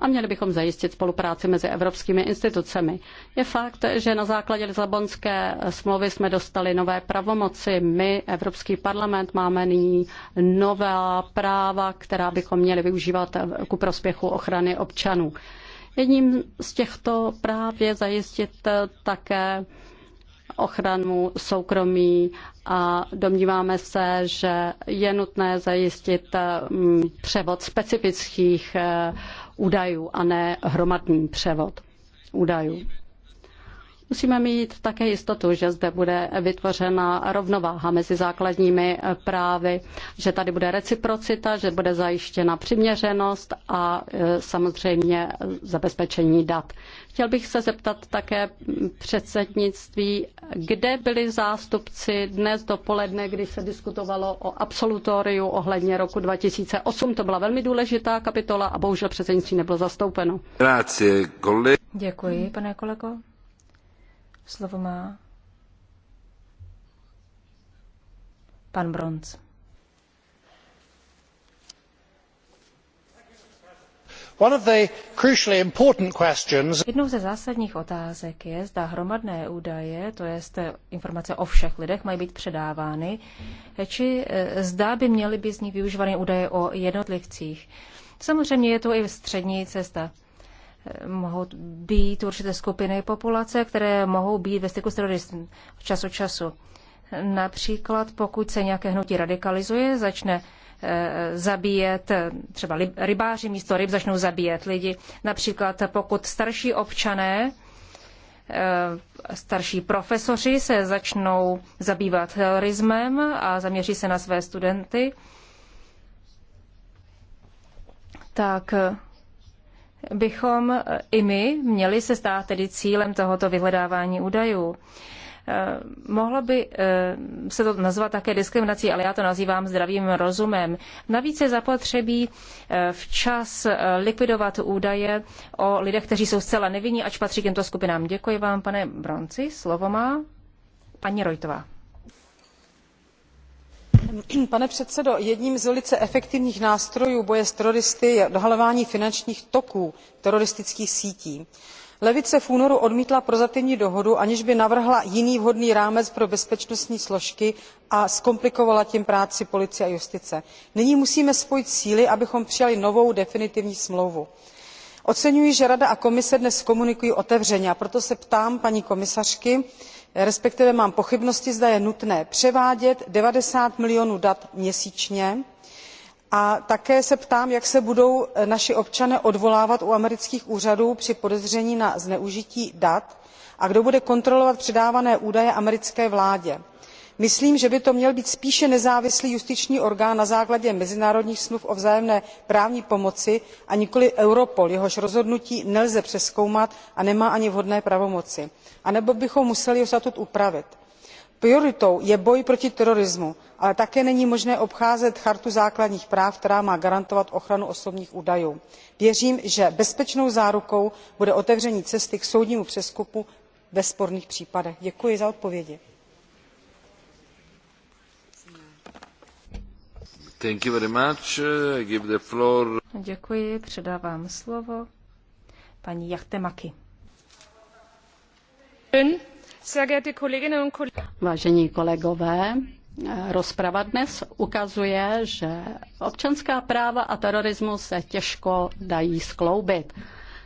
a měli bychom zajistit spolupráci mezi evropskými institucemi. Je fakt, že na základě Lisabonské smlouvy jsme dostali nové pravomoci. My, Evropský parlament, máme nyní nová práva, která bychom měli využívat ku prospěchu ochrany občanů. Jedním z těchto práv je zajistit eh, také ochranu soukromí a domníváme se, že je nutné zajistit eh, mm, převod specifických eh, údajů a ne hromadný převod údajů. Musíme mít také jistotu, že zde bude vytvořena rovnováha mezi základními právy, že tady bude reciprocita, že bude zajištěna přiměřenost a e, samozřejmě zabezpečení dat. Chtěl bych se zeptat také předsednictví, kde byli zástupci dnes dopoledne, když se diskutovalo o absolutoriu ohledně roku 2008. To byla velmi důležitá kapitola a bohužel předsednictví nebylo zastoupeno. Děkuji, pane kolego. Slovo má pan Bronz. Jednou ze zásadních otázek je, zda hromadné údaje, to je eh, informace o všech lidech, mají být předávány, eh, či eh, zda by měly být z nich využívány údaje o jednotlivcích. Samozřejmě je to i střední cesta mohou být určité skupiny populace, které mohou být ve styku s terorismem čas od času. Například pokud se nějaké hnutí radikalizuje, začne eh, zabíjet, eh, třeba rybáři místo ryb začnou zabíjet lidi. Například pokud starší občané, eh, starší profesoři se začnou zabývat terorismem a zaměří se na své studenty, tak bychom e, i my měli se stát tedy cílem tohoto vyhledávání údajů. E, mohlo by e, se to nazvat také diskriminací, ale já to nazývám zdravým rozumem. Navíc je zapotřebí včas likvidovat údaje o lidech, kteří jsou zcela nevinní, ač patří k těmto skupinám. Děkuji vám, pane Bronci. Slovo má paní Rojtová pane předsedající jedním z velice efektivních nástrojů boje s teroristy je odhalování finančních toků teroristických sítí. levice v únoru odmítla prozatímní dohodu aniž by navrhla jiný vhodný rámec pro bezpečnostní složky a zkomplikovala tím práci policie a justice. nyní musíme spojit síly abychom přijali novou definitivní smlouvu. oceňuji že rada a komise dnes komunikují otevřeně a proto se ptám paní komisařky zda respektive mám pochybnosti zda je nutné převádět ninety milionů dat měsíčně a také se ptám jak se budou naši občané odvolávat u amerických úřadů při podezření na zneužití dat a kdo bude kontrolovat předávané údaje americké vládě myslím že by to měl být spíše nezávislý justiční orgán na základě mezinárodních smluv o vzájemné právní pomoci a nikoliv europol jehož rozhodnutí nelze přezkoumat a nemá ani vhodné pravomoci anebo bychom museli jeho statut upravit. prioritou je boj proti terorismu ale také není možné obcházet chartu základních práv která má garantovat ochranu osobních údajů. věřím že bezpečnou zárukou bude otevření cesty k soudnímu přezkumu ve sporných případech. děkuji za odpovědi. Thank you very much. give the floor. Děkuji, předávám slovo paní Jachtemaki. Vážení kolegové, rozprava dnes ukazuje, že občanská práva a terorismus se těžko dají skloubit.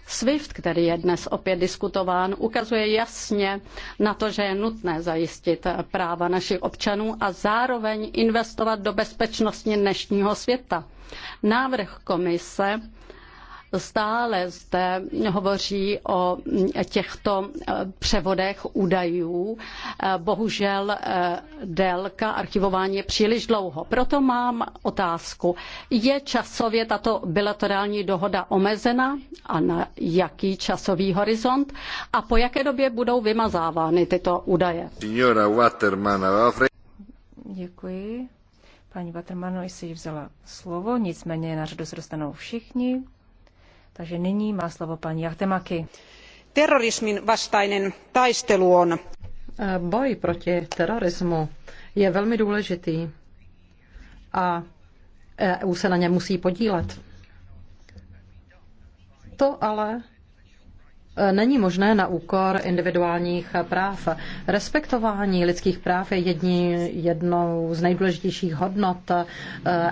SWIFT, který je dnes opět diskutován, ukazuje jasně na to, že je nutné zajistit práva našich občanů a zároveň investovat do bezpečnosti dnešního světa. Návrh komise Stále zde hovoří o těchto eh, převodech údajů. Eh, bohužel eh, délka archivování je příliš dlouho. Proto mám otázku. Je časově tato bilaterální dohoda omezena a na jaký časový horizont a po jaké době budou vymazávány tyto údaje? Děkuji. Paní Watermano si vzala slovo, nicméně na řadu se dostanou všichni. Takže nyní má slovo paní Jachtemaki. Terorismin vastainen taistelu on. E, boj proti terorismu je velmi důležitý a EU se na ně musí podílet. To ale Eh, není možné na úkor individuálních práv. Respektování lidských práv je jedni, jednou z nejdůležitějších hodnot eh,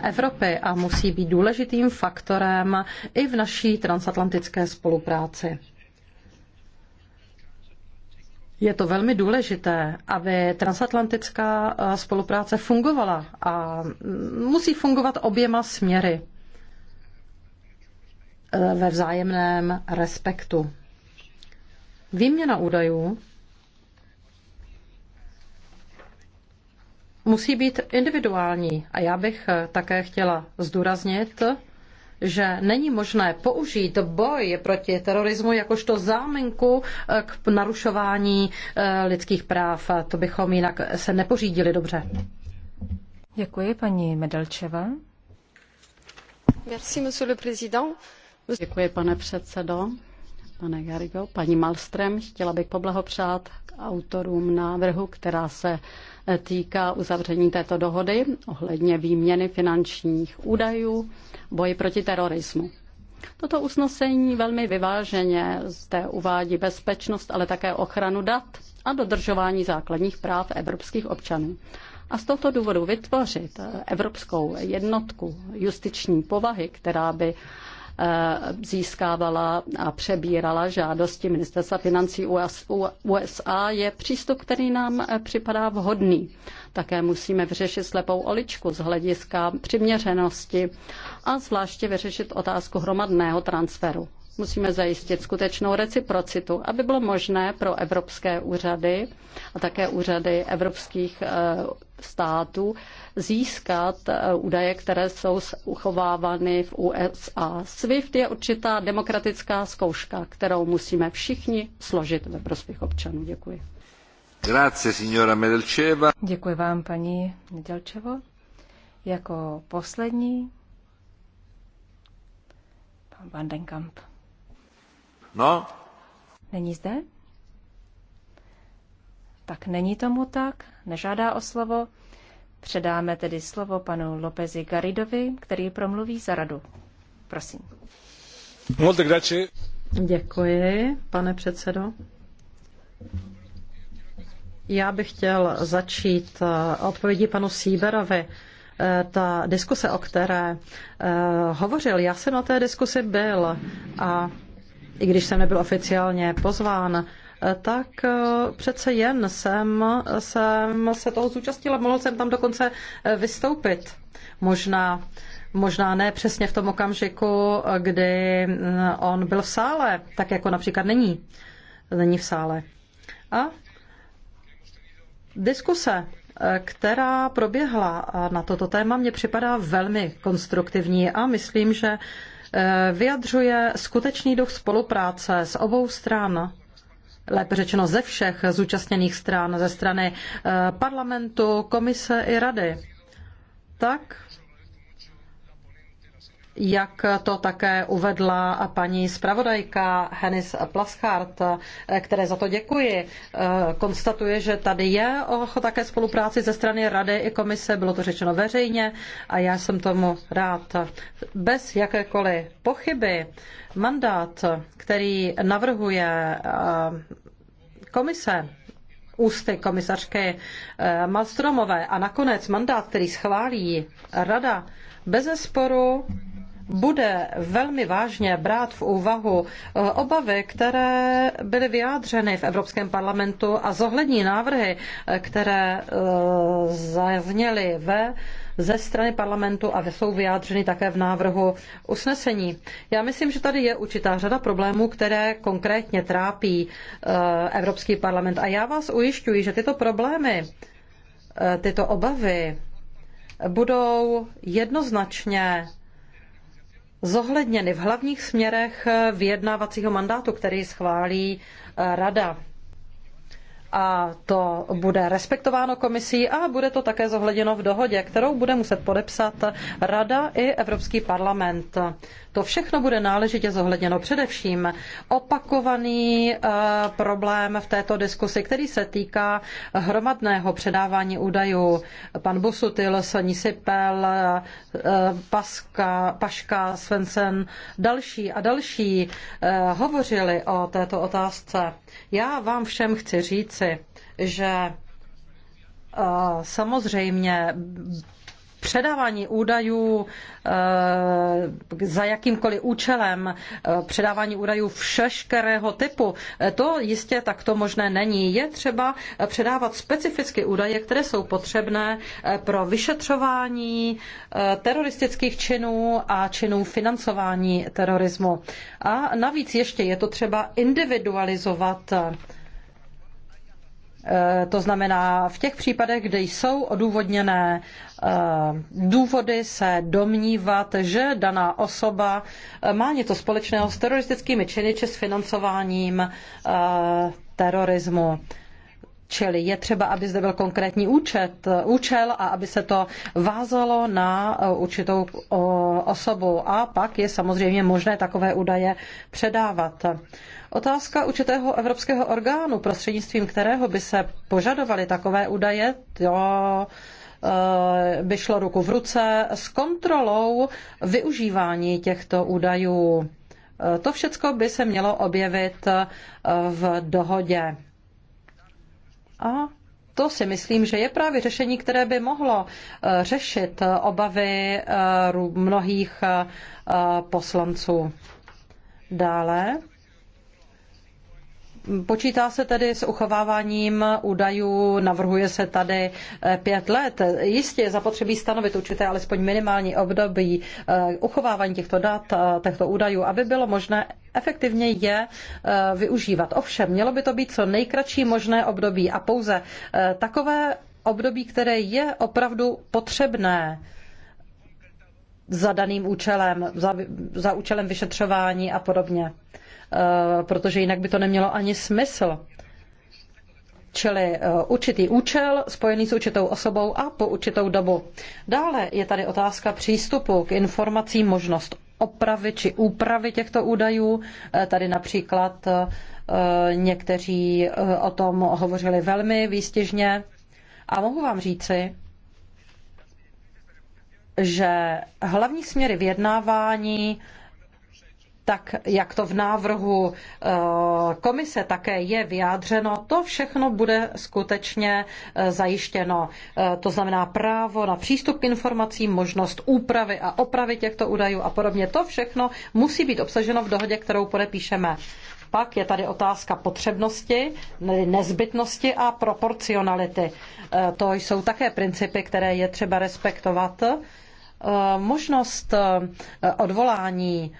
Evropy a musí být důležitým faktorem i v naší transatlantické spolupráci. Je to velmi důležité, aby transatlantická eh, spolupráce fungovala a musí fungovat oběma směry ve vzájemném respektu. Výměna údajů musí být individuální a já bych také chtěla zdůraznit, že není možné použít boj proti terorismu jakožto záminku eh, k narušování eh, lidských práv. To bychom jinak se nepořídili dobře. Děkuji, paní Medelčeva. Merci, monsieur le président. Děkuji, pane předsedo pane Garigo. Paní Malstrem, chtěla bych poblahopřát k autorům návrhu, která se týká uzavření této dohody ohledně výměny finančních údajů boji proti terorismu. Toto usnesení velmi vyváženě zde uvádí bezpečnost, ale také ochranu dat a dodržování základních práv evropských občanů. A z tohoto důvodu vytvořit evropskou jednotku justiční povahy, která by Eh, získávala a přebírala žádosti ministerstva financí USA, je přístup, který nám eh, připadá vhodný. Také musíme vyřešit slepou oličku z hlediska přiměřenosti a zvláště vyřešit otázku hromadného transferu. Musíme zajistit skutečnou reciprocitu, aby bylo možné pro evropské úřady a také úřady evropských eh, států získat eh, údaje, které jsou uchovávány v USA. SWIFT je určitá demokratická zkouška, kterou musíme všichni složit ve prospěch občanů. Děkuji. Grazie, signora Medelčeva. Děkuji vám, paní Medelčevo. Jako poslední pan Vandenkamp. No? Není zde? Tak není tomu tak, nežádá o slovo. Předáme tedy slovo panu Lopezi Garidovi, který promluví za radu. Prosím. Děkuji, pane předsedo. Já bych chtěl začít eh, odpovědí panu Sýberovi. Eh, ta diskuse, o které eh, hovořil, já jsem na té diskusi byl a i když jsem nebyl oficiálně pozván, tak eh, přece jen jsem, jsem se toho zúčastnila, mohl jsem tam dokonce eh, vystoupit. Možná, možná ne přesně v tom okamžiku, eh, kdy mm, on byl v sále, tak jako například není. Není v sále. A diskuse, která proběhla na toto téma, mě připadá velmi konstruktivní a myslím, že vyjadřuje skutečný duch spolupráce z obou stran lépe řečeno ze všech zúčastněných stran, ze strany eh, parlamentu, komise i rady. Tak jak to také uvedla paní zpravodajka Hennis Plaschart, které za to děkuji, konstatuje, že tady je také spolupráci ze strany Rady i komise, bylo to řečeno veřejně a já jsem tomu rád. Bez jakékoliv pochyby mandát, který navrhuje eh, komise, ústy komisařky eh, Malstromové a nakonec mandát, který schválí Rada, bez sporu bude velmi vážně brát v úvahu eh, obavy, které byly vyjádřeny v Evropském parlamentu a zohlední návrhy, eh, které eh, zazněly ve ze strany parlamentu a jsou vyjádřeny také v návrhu usnesení. Já myslím, že tady je určitá řada problémů, které konkrétně trápí Evropský parlament. A já vás ujišťuji, že tyto problémy, tyto obavy budou jednoznačně zohledněny v hlavních směrech eh, vyjednávacího mandátu, který schválí eh, Rada a to bude respektováno komisí a bude to také zohleděno v dohodě, kterou bude muset podepsat Rada i Evropský parlament. To všechno bude náležitě zohledněno především opakovaný eh, problém v této diskusi, který se týká hromadného předávání údajů. Pan Busutil, Nisipel, eh, Paska, Paška, Svensen, další a další eh, hovořili o této otázce. Já vám všem chci říct, říci, že eh, samozřejmě předávání údajů eh, za jakýmkoliv účelem, eh, předávání údajů všeškerého typu, to jistě takto možné není. Je třeba předávat specificky údaje, které jsou potřebné pro vyšetřování teroristických činů a činů financování terorismu. A navíc ještě je to třeba individualizovat Eh, to znamená, v těch případech, kde jsou odůvodněné eh, důvody se domnívat, že daná osoba eh, má něco společného s teroristickými činy či s financováním terorismu. Čili je třeba, aby zde byl konkrétní účet, účel a aby se to vázalo na určitou osobu. A pak je samozřejmě možné takové údaje předávat. Otázka určitého evropského orgánu, prostřednictvím kterého by se požadovaly takové údaje, to eh, by šlo ruku v ruce s kontrolou využívání těchto údajů. Eh, to všechno by se mělo objevit eh, v dohodě. A to si myslím, že je právě řešení, které by mohlo eh, řešit eh, obavy eh, mnohých poslanců. Dále Počítá se tedy s uchováváním údajů, navrhuje se tady eh, pět let. Jistě zapotřebí stanovit určité alespoň minimální období eh, uchovávání těchto dat, eh, těchto údajů, aby bylo možné efektivně je využívat. Ovšem, mělo by to být co nejkratší možné období a pouze takové období, které je opravdu potřebné za daným účelem, za, za účelem vyšetřování a podobně. Eh, protože jinak by to nemělo ani smysl. Čili eh, určitý účel spojený s určitou osobou a po určitou dobu. Dále je tady otázka přístupu k informacím, možnost opravy či úpravy těchto údajů. Eh, tady například někteří o tom hovořili velmi výstižně. A mohu vám říci, že hlavní směry vyjednávání tak jak to v návrhu eh, komise také je vyjádřeno, to všechno bude skutečně eh, zajištěno. Eh, to znamená právo na přístup k informacím, možnost úpravy a opravy těchto údajů a podobně. To všechno musí být obsaženo v dohodě, kterou podepíšeme. Pak je tady otázka potřebnosti, nezbytnosti a proporcionality. To jsou také principy, které je třeba respektovat. Možnost odvolání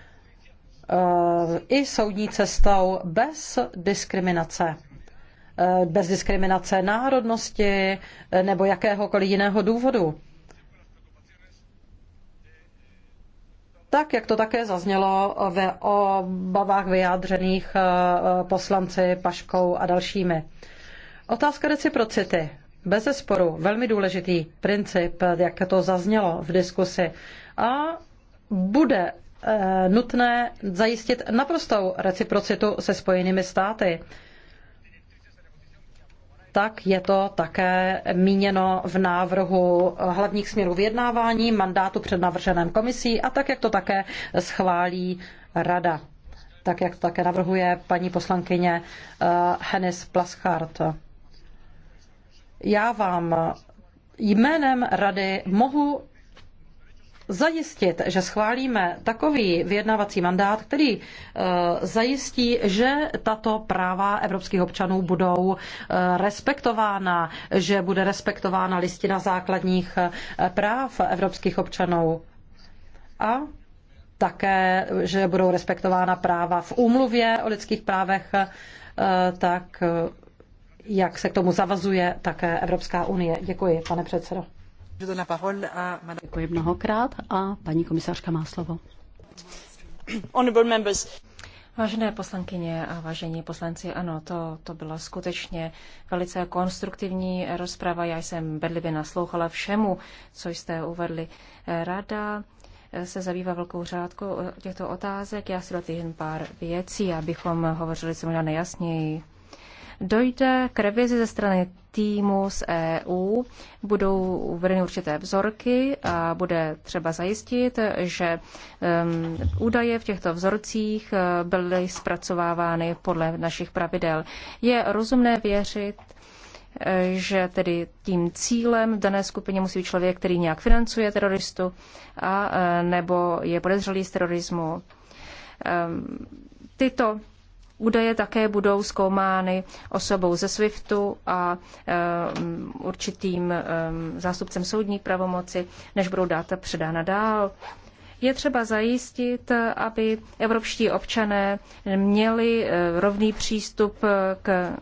Eh, i soudní cestou bez diskriminace eh, bez diskriminace národnosti eh, nebo jakéhokoliv jiného důvodu. Tak, jak to také zaznělo ve obavách vyjádřených poslanci Paškou a dalšími. Otázka reciprocity. Bez zesporu velmi důležitý princip, jak to zaznělo v diskusi. A bude Eh, nutné zajistit naprostou reciprocitu se Spojenými státy. Tak je to také míněno v návrhu hlavních směrů vyjednávání, mandátu před navrženém komisí a tak, jak to také schválí Rada. Tak, jak to také navrhuje paní poslankyně eh, Hennis Plaschart. Já vám jménem Rady mohu zajistit, že schválíme takový vyjednávací mandát, který eh, zajistí, že tato práva evropských občanů budou eh, respektována, že bude respektována listina základních eh, práv evropských občanů. A také, že budou respektována práva v úmluvě o lidských právech, tak jak se k tomu zavazuje také Evropská unie. Děkuji, pane předsedo. Děkuji mnohokrát a paní komisařka má slovo. Vážené poslankyně a vážení poslanci, ano, to, to byla skutečně velice konstruktivní rozprava. Já jsem bedlivě naslouchala všemu, co jste uvedli. Rada se zabývá velkou řádkou těchto otázek. Já si jen pár věcí, abychom hovořili co možná nejasněji. Dojde k revizi ze strany týmu z EU, budou uvedeny určité vzorky a bude třeba zajistit, že um, údaje v těchto vzorcích eh, byly zpracovávány podle našich pravidel. Je rozumné věřit, eh, že tedy tím cílem v dané skupině musí být člověk, který nějak financuje teroristu a eh, nebo je podezřelý z terorismu. Ehm, tyto Údaje také budou zkoumány osobou ze SWIFTu a eh, určitým eh, zástupcem soudní pravomoci, než budou data předána dál. Je třeba zajistit, aby evropští občané měli eh, rovný přístup k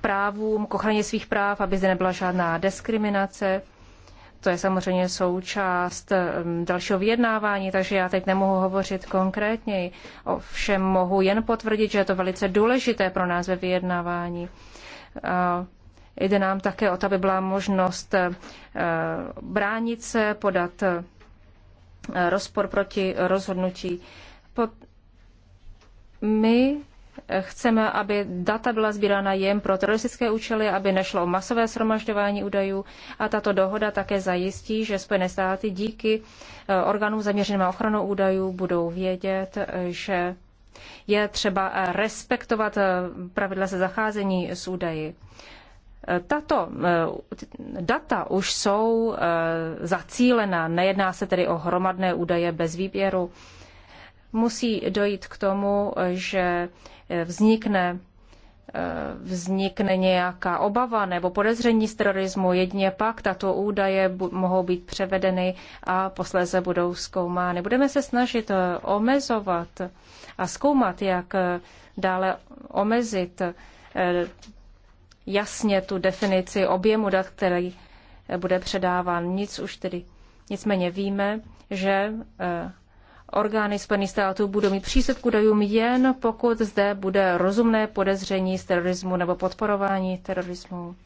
právům, k ochraně svých práv, aby zde nebyla žádná diskriminace to je samozřejmě součást ehm, dalšího vyjednávání, takže já teď nemohu hovořit konkrétněji. Ovšem mohu jen potvrdit, že je to velice důležité pro nás ve vyjednávání. Jde nám také o to, aby byla možnost ehm, bránit se, podat ehm, rozpor proti rozhodnutí. My Chceme, aby data byla sbírána jen pro teroristické účely, aby nešlo o masové shromažďování údajů a tato dohoda také zajistí, že Spojené státy díky eh, orgánům zaměřeným na ochranu údajů budou vědět, eh, že je třeba eh, respektovat pravidla se zacházení s údaji. Tato data už jsou zacílená, nejedná se tedy o hromadné údaje bez výběru. Musí dojít k tomu, že vznikne eh, vznikne nějaká obava nebo podezření z terorismu, jedině pak tato údaje mohou být převedeny a posléze budou zkoumány. Budeme se snažit eh, omezovat a zkoumat, jak eh, dále omezit jasně tu definici objemu dat, který bude předáván. Nic už tedy. Nicméně víme, že Orgány Spojených států budou mít přístup k údajům jen pokud zde bude rozumné podezření z terorismu nebo podporování terorismu.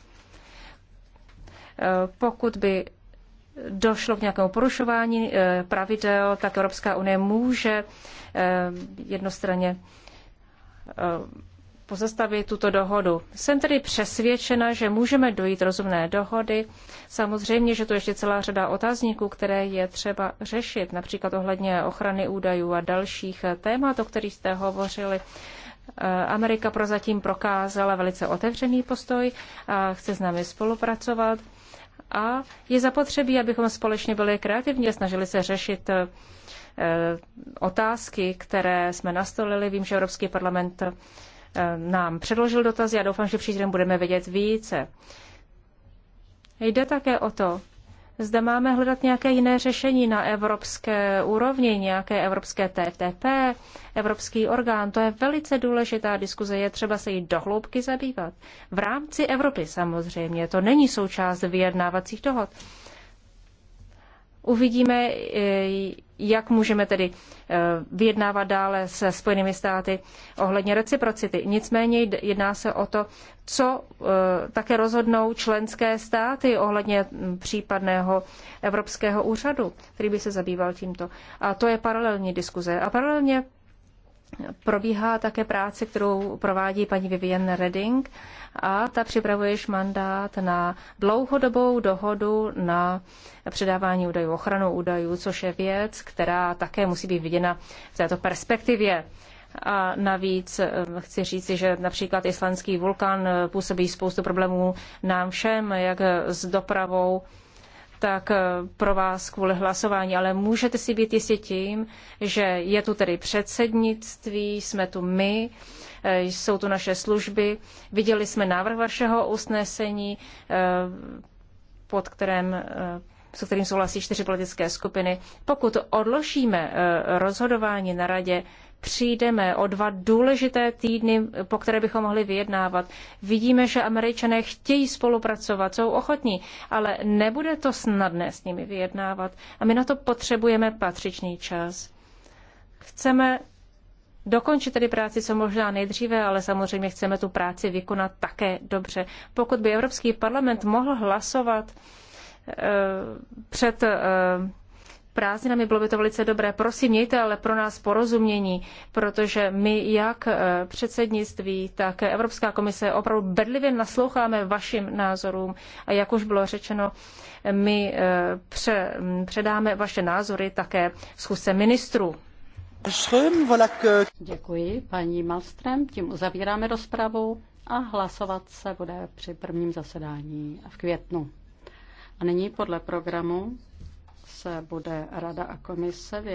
Eh, pokud by došlo k nějakému porušování eh, pravidel, tak Evropská unie může eh, jednostranně pozastavit tuto dohodu. Jsem tedy přesvědčena, že můžeme dojít rozumné dohody. Samozřejmě, že to ještě celá řada otázníků, které je třeba řešit, například ohledně ochrany údajů a dalších témat, o kterých jste hovořili. Eh, Amerika prozatím prokázala velice otevřený postoj a chce s námi spolupracovat. A je zapotřebí, abychom společně byli kreativní a snažili se řešit eh, otázky, které jsme nastolili. Vím, že Evropský parlament Eh, nám předložil dotaz. Já doufám, že příště budeme vědět více. Jde také o to, zda máme hledat nějaké jiné řešení na evropské úrovni, nějaké evropské TFTP, evropský orgán. To je velice důležitá diskuze, je třeba se jí dohloubky zabývat. V rámci Evropy samozřejmě, to není součást vyjednávacích dohod. Uvidíme, eh, jak můžeme tedy eh, vyjednávat dále se Spojenými státy ohledně reciprocity. Nicméně jedná se o to, co eh, také rozhodnou členské státy ohledně hm, případného Evropského úřadu, který by se zabýval tímto. A to je paralelní diskuze. A paralelně probíhá také práce, kterou provádí paní Vivian Redding a ta připravuje již mandát na dlouhodobou dohodu na předávání údajů, ochranu údajů, což je věc, která také musí být viděna v této perspektivě. A navíc eh, chci říci, že například islandský vulkan eh, působí spoustu problémů nám všem, jak s dopravou, tak eh, pro vás kvůli hlasování, ale můžete si být jistě tím, že je tu tedy předsednictví, jsme tu my, eh, jsou tu naše služby. Viděli jsme návrh vašeho usnesení, eh, pod kterém se kterým souhlasí čtyři politické skupiny. Pokud odložíme rozhodování na radě, přijdeme o dva důležité týdny, po které bychom mohli vyjednávat. Vidíme, že američané chtějí spolupracovat, jsou ochotní, ale nebude to snadné s nimi vyjednávat a my na to potřebujeme patřičný čas. Chceme dokončit tedy práci co možná nejdříve, ale samozřejmě chceme tu práci vykonat také dobře. Pokud by Evropský parlament mohl hlasovat eh, před eh, prázdninami, bylo by to velice dobré. Prosím, mějte ale pro nás porozumění, protože my jak eh, předsednictví, tak eh, Evropská komise opravdu bedlivě nasloucháme vašim názorům a jak už bylo řečeno, my eh, mm, předáme vaše názory také schůzce ministrů. Děkuji, paní Malstrem. Tím uzavíráme rozpravu a hlasovat se bude při prvním zasedání v květnu. A nyní podle programu se bude Rada a Komise